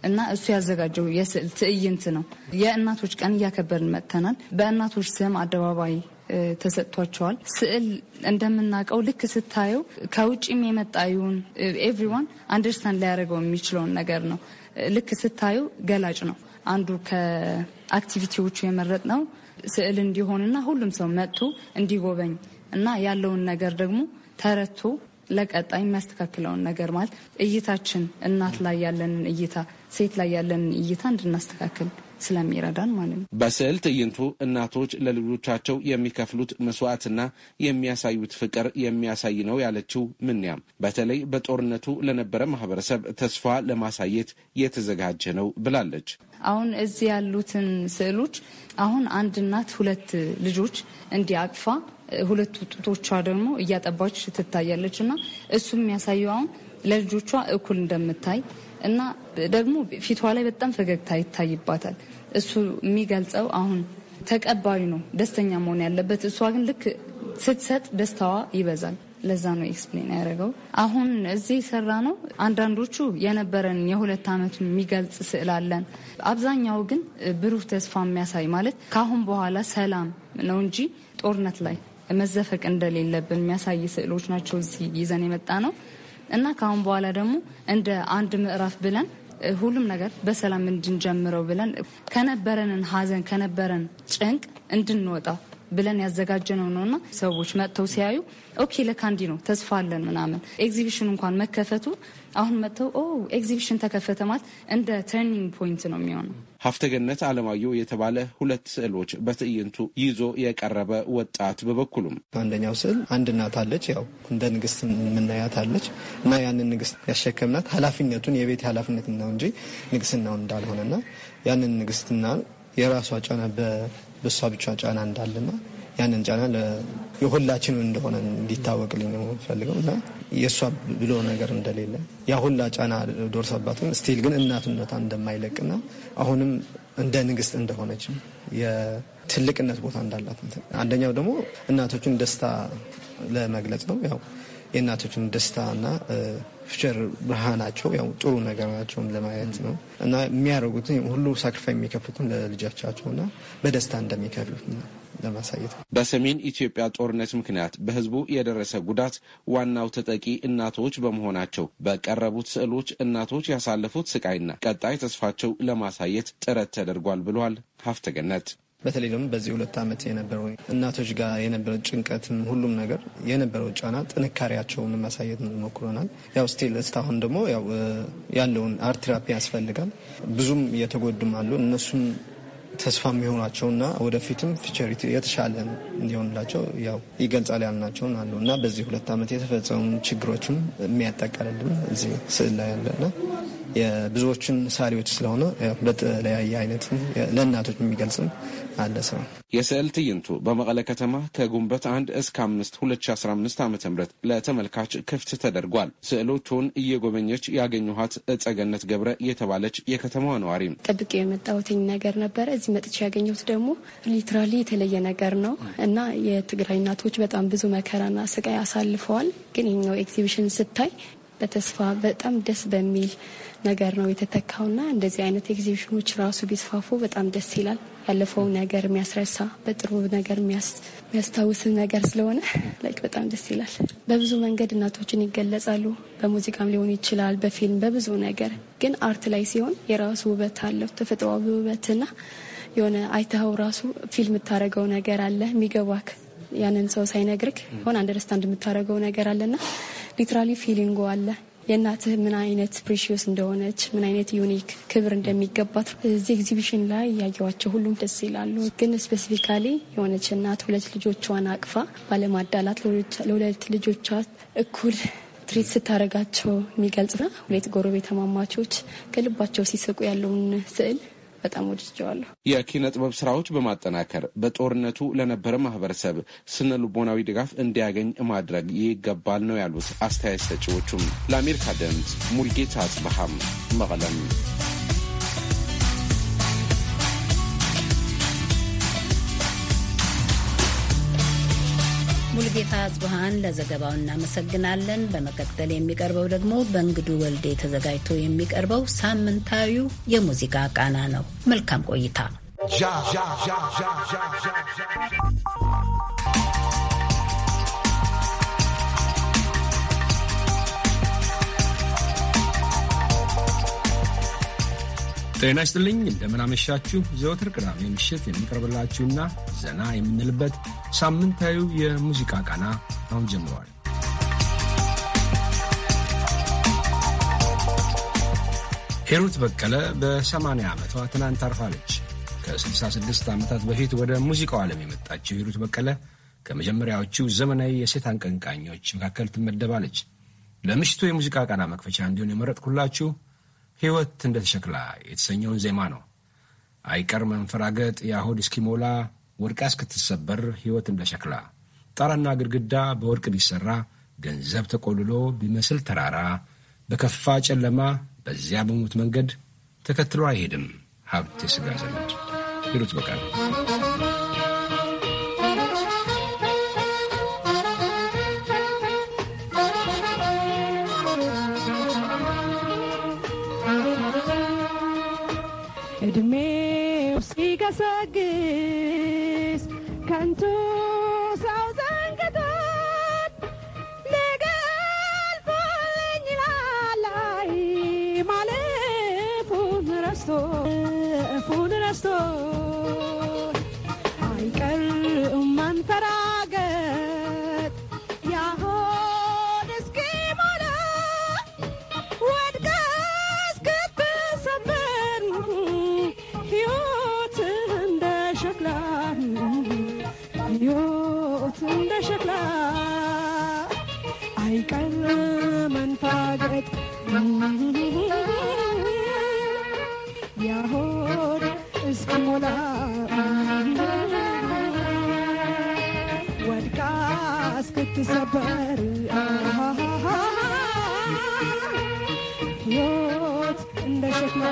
እና እሱ ያዘጋጀው የስዕል ትዕይንት ነው። የእናቶች ቀን እያከበርን መጥተናል። በእናቶች ስም አደባባይ ተሰጥቷቸዋል። ስዕል እንደምናውቀው ልክ ስታየው ከውጭም የመጣዩን ኤቭሪዋን አንደርስታንድ ሊያደርገው የሚችለውን ነገር ነው። ልክ ስታየው ገላጭ ነው። አንዱ ከአክቲቪቲዎቹ የመረጥ ነው ስዕል እንዲሆንና ሁሉም ሰው መጥቶ እንዲጎበኝ እና ያለውን ነገር ደግሞ ተረቶ ለቀጣይ የሚያስተካክለውን ነገር ማለት እይታችን እናት ላይ ያለንን እይታ ሴት ላይ ያለንን እይታ እንድናስተካክል ስለሚረዳን ማለት ነው። በስዕል ትዕይንቱ እናቶች ለልጆቻቸው የሚከፍሉት መስዋዕትና የሚያሳዩት ፍቅር የሚያሳይ ነው ያለችው ምንያም በተለይ በጦርነቱ ለነበረ ማህበረሰብ ተስፋ ለማሳየት የተዘጋጀ ነው ብላለች። አሁን እዚህ ያሉትን ስዕሎች አሁን አንድ እናት ሁለት ልጆች እንዲያቅፋ ሁለቱ ጡቶቿ ደግሞ እያጠባች ትታያለች እና እሱ የሚያሳየው አሁን ለልጆቿ እኩል እንደምታይ እና ደግሞ ፊቷ ላይ በጣም ፈገግታ ይታይባታል። እሱ የሚገልጸው አሁን ተቀባዩ ነው ደስተኛ መሆን ያለበት። እሷ ግን ልክ ስትሰጥ ደስታዋ ይበዛል። ለዛ ነው ኤክስፕሌን ያደረገው። አሁን እዚህ የሰራ ነው። አንዳንዶቹ የነበረን የሁለት ዓመቱን የሚገልጽ ስዕል አለን። አብዛኛው ግን ብሩህ ተስፋ የሚያሳይ ማለት ከአሁን በኋላ ሰላም ነው እንጂ ጦርነት ላይ መዘፈቅ እንደሌለብን የሚያሳይ ስዕሎች ናቸው እዚህ ይዘን የመጣ ነው። እና ከአሁን በኋላ ደግሞ እንደ አንድ ምዕራፍ ብለን ሁሉም ነገር በሰላም እንድንጀምረው ብለን ከነበረንን ሀዘን ከነበረን ጭንቅ እንድንወጣው። ብለን ያዘጋጀነው ነውና ሰዎች መጥተው ሲያዩ ኦኬ ለካ ነው ተስፋ አለን ምናምን ኤግዚቢሽን እንኳን መከፈቱ አሁን መጥተው ኦ ኤግዚቢሽን ተከፈተ ማለት እንደ ተርኒንግ ፖይንት ነው የሚሆነው። ሀፍተገነት አለማየሁ የተባለ ሁለት ስዕሎች በትዕይንቱ ይዞ የቀረበ ወጣት በበኩሉም በአንደኛው ስዕል አንድ እናት አለች፣ ያው እንደ ንግስት የምናያት አለች እና ያንን ንግስት ያሸከምናት ኃላፊነቱን የቤት ኃላፊነት ነው እንጂ ንግስናው እንዳልሆነና ያንን ንግስትና የራሷ ጫና በእሷ ብቻ ጫና እንዳለና ያንን ጫና የሁላችን እንደሆነ እንዲታወቅልኝ ነው ፈልገው እና የእሷ ብሎ ነገር እንደሌለ ያ ሁላ ጫና ዶርሰባትም ስቲል ግን እናትነቷ እንደማይለቅና አሁንም እንደ ንግስት እንደሆነች የትልቅነት ቦታ እንዳላት አንደኛው ደግሞ እናቶችን ደስታ ለመግለጽ ነው ያው የእናቶችን ደስታ ደስታና ፊቸር ብርሃናቸው ያው ጥሩ ነገራቸውን ለማየት ነው እና የሚያደርጉትን ሁሉ ሳክሪፋይ የሚከፍቱትን እና በደስታ እንደሚከፍሉት ነው ለማሳየት ነው። በሰሜን ኢትዮጵያ ጦርነት ምክንያት በህዝቡ የደረሰ ጉዳት ዋናው ተጠቂ እናቶች በመሆናቸው በቀረቡት ስዕሎች እናቶች ያሳለፉት ስቃይና ቀጣይ ተስፋቸው ለማሳየት ጥረት ተደርጓል ብሏል ሀፍተገነት። በተለይ ደግሞ በዚህ ሁለት ዓመት የነበረው እናቶች ጋር የነበረው ጭንቀትም ሁሉም ነገር የነበረው ጫና ጥንካሬያቸውን ማሳየት ሞክሮናል። ያው ስቲል እስካሁን ደግሞ ያለውን አርት ቴራፒ ያስፈልጋል። ብዙም የተጎዱም አሉ እነሱን ተስፋ የሚሆናቸውና ወደፊትም ፊቸሪቲ የተሻለ እንዲሆንላቸው ያው ይገልጻል ያልናቸውን አሉ እና በዚህ ሁለት ዓመት የተፈጸሙ ችግሮችም የሚያጠቃልልም እዚህ ስዕል ላይ ያለና የብዙዎችን ሳሪዎች ስለሆነ በተለያየ አይነት ለእናቶች የሚገልጽም አለ ስራ። የስዕል ትዕይንቱ በመቀለ ከተማ ከጉንበት አንድ እስከ አምስት ሁለት ሺ አስራ አምስት ዓመተ ምህረት ለተመልካች ክፍት ተደርጓል። ስዕሎቹን እየጎበኘች ያገኘኋት እጸገነት ገብረ የተባለች የከተማዋ ነዋሪ ጠብቄ የመጣሁትኝ ነገር ነበረ። እዚህ መጥቼ ያገኘሁት ደግሞ ሊትራሊ የተለየ ነገር ነው እና የትግራይ እናቶች በጣም ብዙ መከራና ስቃይ አሳልፈዋል። ግን የኛው ኤግዚቢሽን ስታይ በተስፋ በጣም ደስ በሚል ነገር ነው የተተካውና እንደዚህ አይነት ኤግዚቢሽኖች ራሱ ቢስፋፉ በጣም ደስ ይላል። ያለፈው ነገር የሚያስረሳ በጥሩ ነገር የሚያስታውስ ነገር ስለሆነ ላይክ በጣም ደስ ይላል። በብዙ መንገድ እናቶችን ይገለጻሉ። በሙዚቃም ሊሆን ይችላል፣ በፊልም በብዙ ነገር ግን አርት ላይ ሲሆን የራሱ ውበት አለው ተፈጥሯዊ ውበትና የሆነ አይተኸው ራሱ ፊልም የምታደርገው ነገር አለ የሚገባክ ያንን ሰው ሳይነግርክ ሆን አንደርስታንድ የምታደርገው ነገር አለና ሊትራሊ ፊሊንጎ አለ። የእናትህ ምን አይነት ፕሬሽስ እንደሆነች ምን አይነት ዩኒክ ክብር እንደሚገባት እዚህ ኤግዚቢሽን ላይ ያየዋቸው ሁሉም ደስ ይላሉ። ግን ስፔሲፊካሊ የሆነች እናት ሁለት ልጆቿን አቅፋ ባለማዳላት ለሁለት ልጆቿ እኩል ትሪት ስታደርጋቸው የሚገልጽና ሁለት ጎረቤት ተማማቾች ከልባቸው ሲስቁ ያለውን ስዕል በጣም ወድጀዋለሁ። የኪነ ጥበብ ስራዎች በማጠናከር በጦርነቱ ለነበረ ማህበረሰብ ስነ ልቦናዊ ድጋፍ እንዲያገኝ ማድረግ ይገባል ነው ያሉት አስተያየት ሰጪዎቹም። ለአሜሪካ ድምፅ ሙልጌታ አጽበሃም መቀለም ሙልጌታ አጽብሃን ለዘገባው እናመሰግናለን። በመቀጠል የሚቀርበው ደግሞ በእንግዱ ወልዴ ተዘጋጅቶ የሚቀርበው ሳምንታዊው የሙዚቃ ቃና ነው። መልካም ቆይታ። ጤና ይስጥልኝ። እንደምናመሻችሁ። ዘወትር ቅዳሜ ምሽት የሚቀርብላችሁና ዘና የምንልበት ሳምንታዊው የሙዚቃ ቃና አሁን ጀምረዋል። ሂሩት በቀለ በ80 ዓመቷ ትናንት አርፋለች። ከ66 ዓመታት በፊት ወደ ሙዚቃው ዓለም የመጣችው ሂሩት በቀለ ከመጀመሪያዎቹ ዘመናዊ የሴት አንቀንቃኞች መካከል ትመደባለች። ለምሽቱ የሙዚቃ ቃና መክፈቻ እንዲሆን የመረጥኩላችሁ ሕይወት እንደ ተሸክላ የተሰኘውን ዜማ ነው። አይቀር መንፈራገጥ፣ የአሁድ እስኪሞላ ወድቃ እስክትሰበር ህይወት ለሸክላ ጣራና ግድግዳ በወርቅ ቢሠራ ገንዘብ ተቆልሎ ቢመስል ተራራ በከፋ ጨለማ በዚያ በሞት መንገድ ተከትሎ አይሄድም ሀብት የሥጋ ዘመድ ሌሎች በቃል ነው። ዕድሜው ከንቱ ሰው ዘንግቶት ነገ አልፎልኝ ይላል ማለፉን ረስቶ ያሆድ እስኪሞላ ወድቃ እስክትሰበር ሕይወት እንደ ሸክማ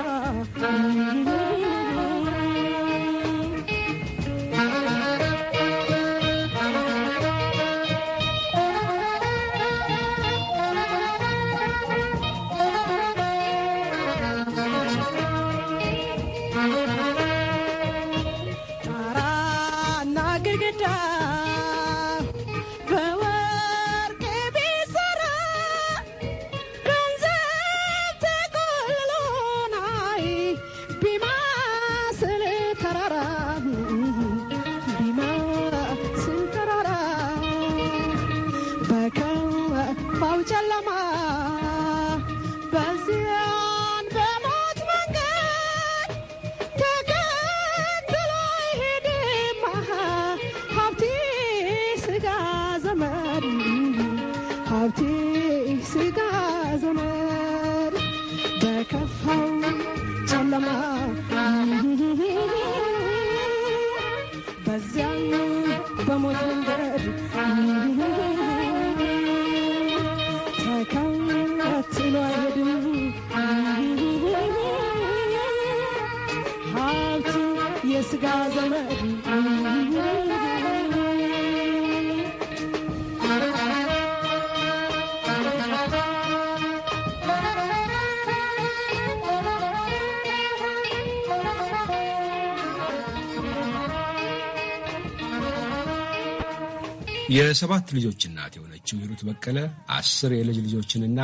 የሰባት ልጆች እናት የሆነችው ሂሩት በቀለ አስር የልጅ ልጆችንና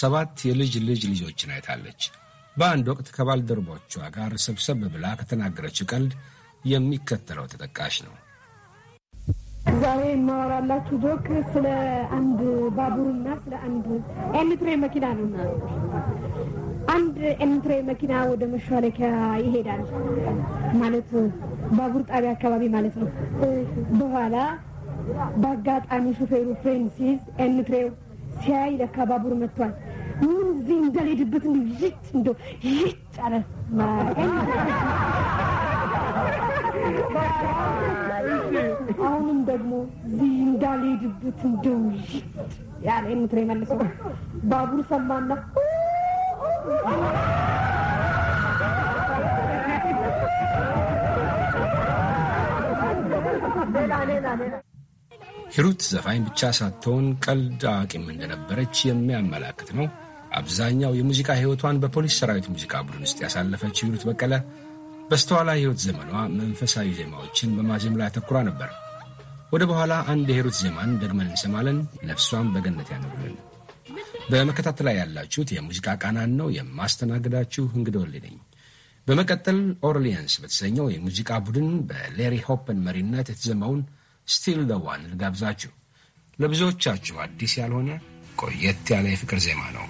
ሰባት የልጅ ልጅ ልጆችን አይታለች። በአንድ ወቅት ከባልደረቦቿ ጋር ሰብሰብ ብላ ከተናገረችው ቀልድ የሚከተለው ተጠቃሽ ነው። ዛሬ የማወራላችሁ ዶክ ስለ አንድ ባቡርና ስለ አንድ ኤንትሬ መኪና ነውና አንድ ኤንትሬ መኪና ወደ መሿለኪያ ይሄዳል ማለት ባቡር ጣቢያ አካባቢ ማለት ነው። በኋላ በአጋጣሚ ሹፌሩ ፍሬን ሲይዝ እንፍሬው ሲያይ ለካ ባቡር መጥቷል። ምን እዚህ እንዳልሄድበት እንደ ይጭ እንደ ይጭ አለ። አሁንም ደግሞ እዚህ እንዳልሄድበት እንደው ይጭ ያለ እንፍሬ መልሶ ባቡር ሰማና ሌላ ሌላ ሌላ ሂሩት ዘፋኝ ብቻ ሳትሆን ቀልድ አዋቂም እንደነበረች የሚያመላክት ነው። አብዛኛው የሙዚቃ ሕይወቷን በፖሊስ ሰራዊት ሙዚቃ ቡድን ውስጥ ያሳለፈች ሂሩት በቀለ በስተኋላ ሕይወት ዘመኗ መንፈሳዊ ዜማዎችን በማዜም ላይ አተኩራ ነበር። ወደ በኋላ አንድ የሂሩት ዜማን ደግመን እንሰማለን። ነፍሷን በገነት ያኖርልን። በመከታተል ላይ ያላችሁት የሙዚቃ ቃናን ነው የማስተናግዳችሁ እንግዳ ወልዴ ነኝ። በመቀጠል ኦርሊየንስ በተሰኘው የሙዚቃ ቡድን በሌሪ ሆፕን መሪነት የተዘማውን ስቲል ደዋን ልጋብዛችሁ። ለብዙዎቻችሁ አዲስ ያልሆነ ቆየት ያለ የፍቅር ዜማ ነው።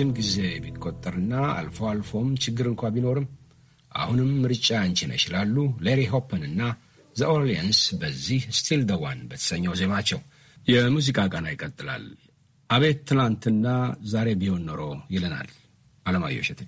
ረጅም ጊዜ ቢቆጠርና አልፎ አልፎም ችግር እንኳ ቢኖርም አሁንም ምርጫ አንቺ ነሽ ይላሉ ሌሪ ሆፐን እና ዘ ኦርሊየንስ በዚህ ስቲል ደዋን በተሰኘው ዜማቸው። የሙዚቃ ቃና ይቀጥላል። አቤት ትናንትና ዛሬ ቢሆን ኖሮ ይለናል አለማየሁ እሸቴ።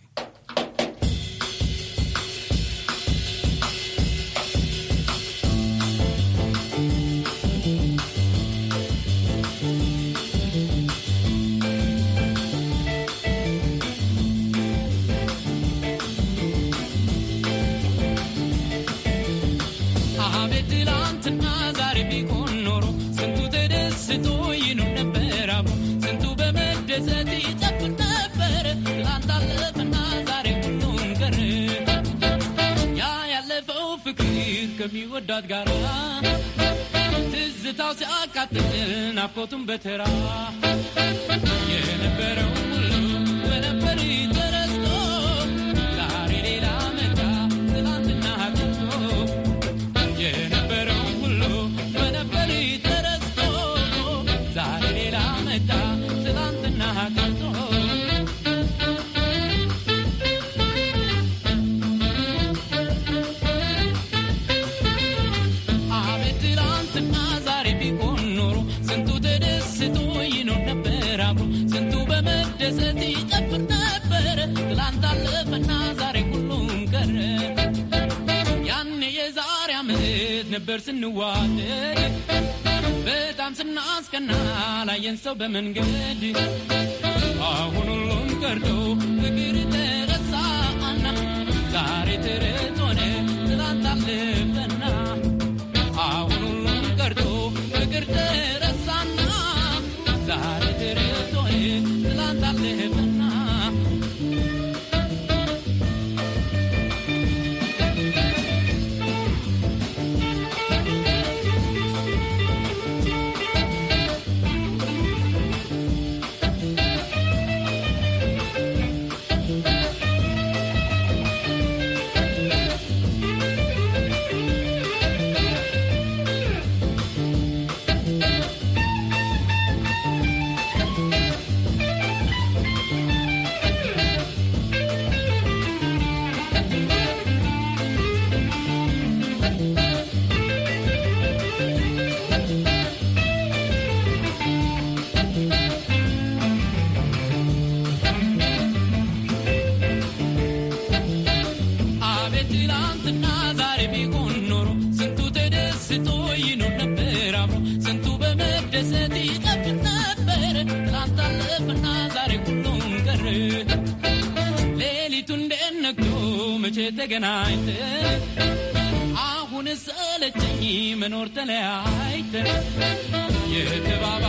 ከሚወዳት ጋር ትዝታው ሲያቃጥል ናፍቆቱን በተራ የነበረው ሁሉ በነበር ይጠራ ነበር ስንዋደድ በጣም ስናስቀና ላየን ሰው በመንገድ አሁን ሁሉም ቀርቶ ፍቅር ተረሳና ዛሬ ትርት ሆነ ትላንት አለፈና አሁን ሁሉም ቀርቶ ፍቅር ተረሳና ዛሬ ትርት ተገናኝተን አሁን ሰለቸኝ መኖር ተለያይተ የትባባ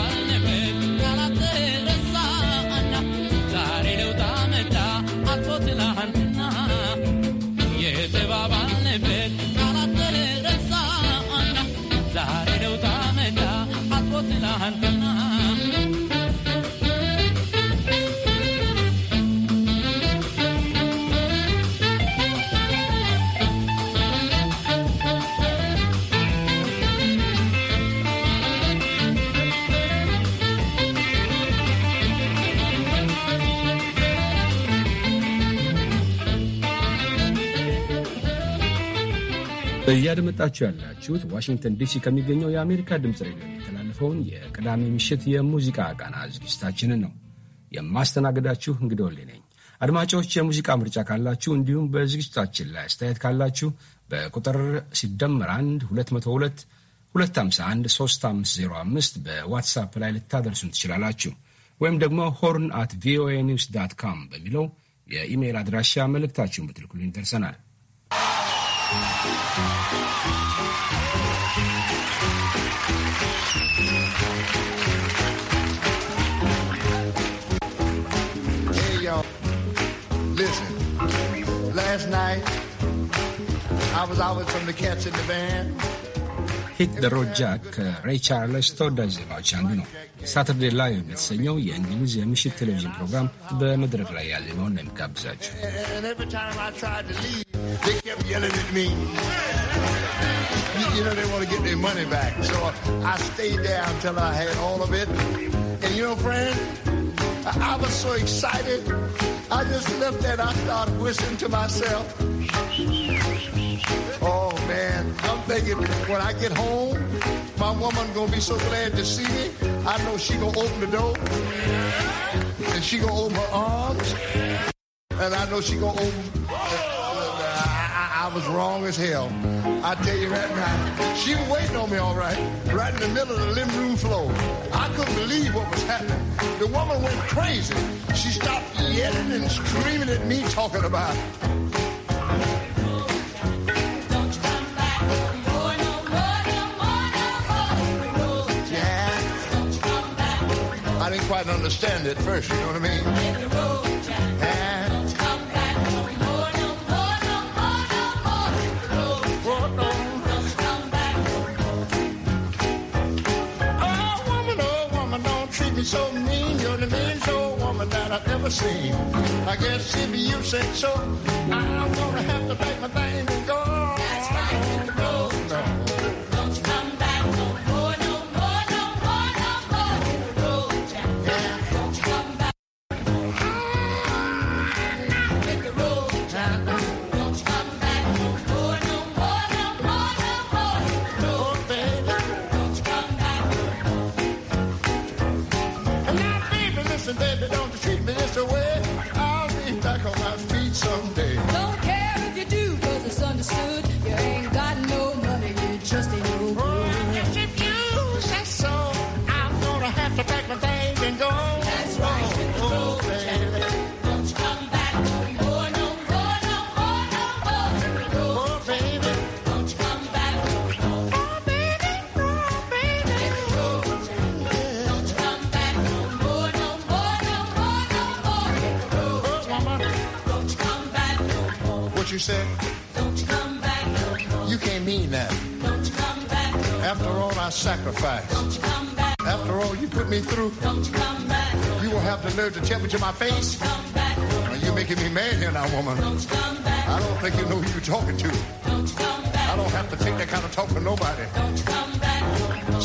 እያደመጣችሁ ያላችሁት ዋሽንግተን ዲሲ ከሚገኘው የአሜሪካ ድምፅ ሬዲዮ የተላለፈውን የቅዳሜ ምሽት የሙዚቃ ቃና ዝግጅታችንን ነው። የማስተናገዳችሁ እንግዲህ ወሌ ነኝ። አድማጮች የሙዚቃ ምርጫ ካላችሁ እንዲሁም በዝግጅታችን ላይ አስተያየት ካላችሁ በቁጥር ሲደመር 1 202 251 3505 በዋትሳፕ ላይ ልታደርሱን ትችላላችሁ። ወይም ደግሞ ሆርን አት ቪኦኤ ኒውስ ዳት ካም በሚለው የኢሜይል አድራሻ መልእክታችሁን ብትልኩልኝ ደርሰናል። Hey, y'all. Listen, last night I was out with some of the cats in the van. ሂት ደ ጃክ ከሬይ ቻርለስ ተወዳጅ ዜማዎች አንዱ ነው። ሳተርዴ ላይቭ የተሰኘው የእንግሊዝ የምሽት ቴሌቪዥን ፕሮግራም በመድረክ ላይ ያለ ነው የሚጋብዛቸው። I was so excited. I just left and I started whistling to myself. Oh man, I'm thinking when I get home, my woman gonna be so glad to see me. I know she gonna open the door and she gonna open her arms, and I know she gonna open. I was wrong as hell. I tell you right now, she was waiting on me all right, right in the middle of the living room floor. I couldn't believe what was happening. The woman went crazy. She stopped yelling and screaming at me, talking about it. I didn't quite understand it first, you know what I mean? be so mean. You're the meanest old woman that I've ever seen. I guess if you say so, I'm gonna have to thank my things. serve the temperature of my face? Don't come Are You're making me mad here now, woman? Don't come back, I don't think you know who you're talking to. Don't come back, I don't have to take that kind of talk from nobody. Don't come back,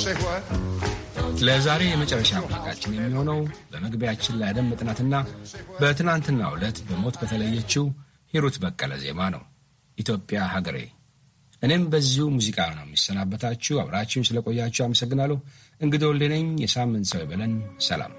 Say what? ለዛሬ የመጨረሻ ወቃችን የሚሆነው በመግቢያችን ላይ ያደመጥናትና በትናንትናው ዕለት በሞት በተለየችው ሂሩት በቀለ ዜማ ነው ኢትዮጵያ ሀገሬ። እኔም በዚሁ ሙዚቃ ነው የሚሰናበታችሁ። አብራችሁን ስለቆያችሁ አመሰግናለሁ። እንግዲህ ወልዴ ነኝ። የሳምንት ሰው ይበለን። ሰላም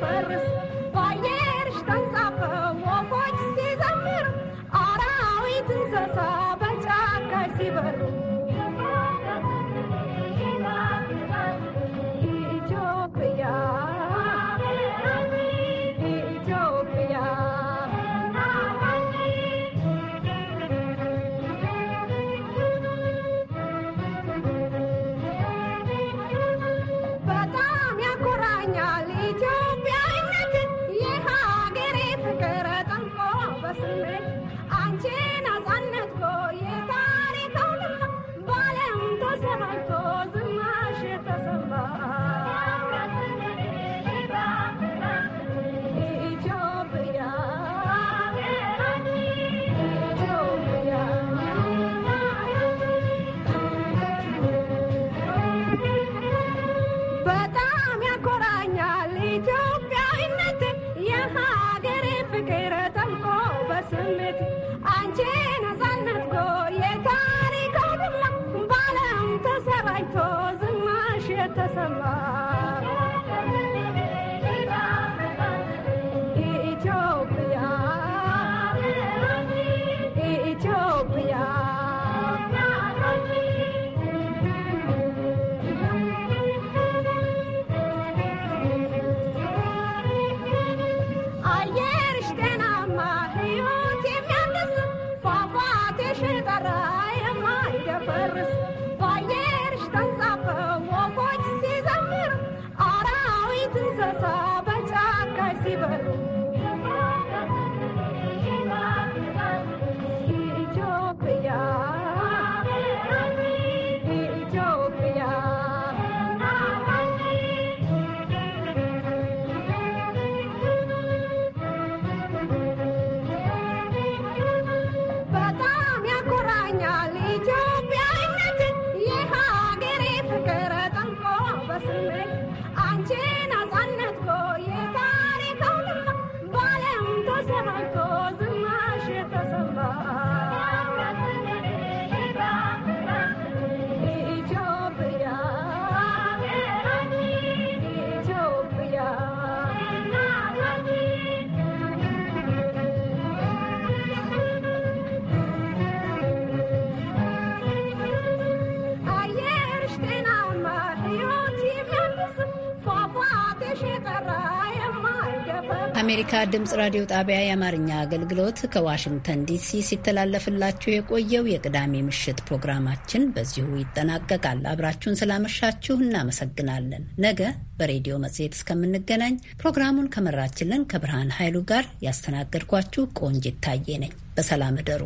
ሲያፈርስ ባየር ሽተንሳፈ ወፎች ሲዘምር አራዊት እንስሳ በጫካ ሲበሉ እንስሳ በጫካ ሲበሉ የአሜሪካ ድምፅ ራዲዮ ጣቢያ የአማርኛ አገልግሎት ከዋሽንግተን ዲሲ ሲተላለፍላችሁ የቆየው የቅዳሜ ምሽት ፕሮግራማችን በዚሁ ይጠናቀቃል። አብራችሁን ስላመሻችሁ እናመሰግናለን። ነገ በሬዲዮ መጽሔት እስከምንገናኝ ፕሮግራሙን ከመራችልን ከብርሃን ኃይሉ ጋር ያስተናገድኳችሁ ቆንጅ ታዬ ነኝ። በሰላም እደሩ።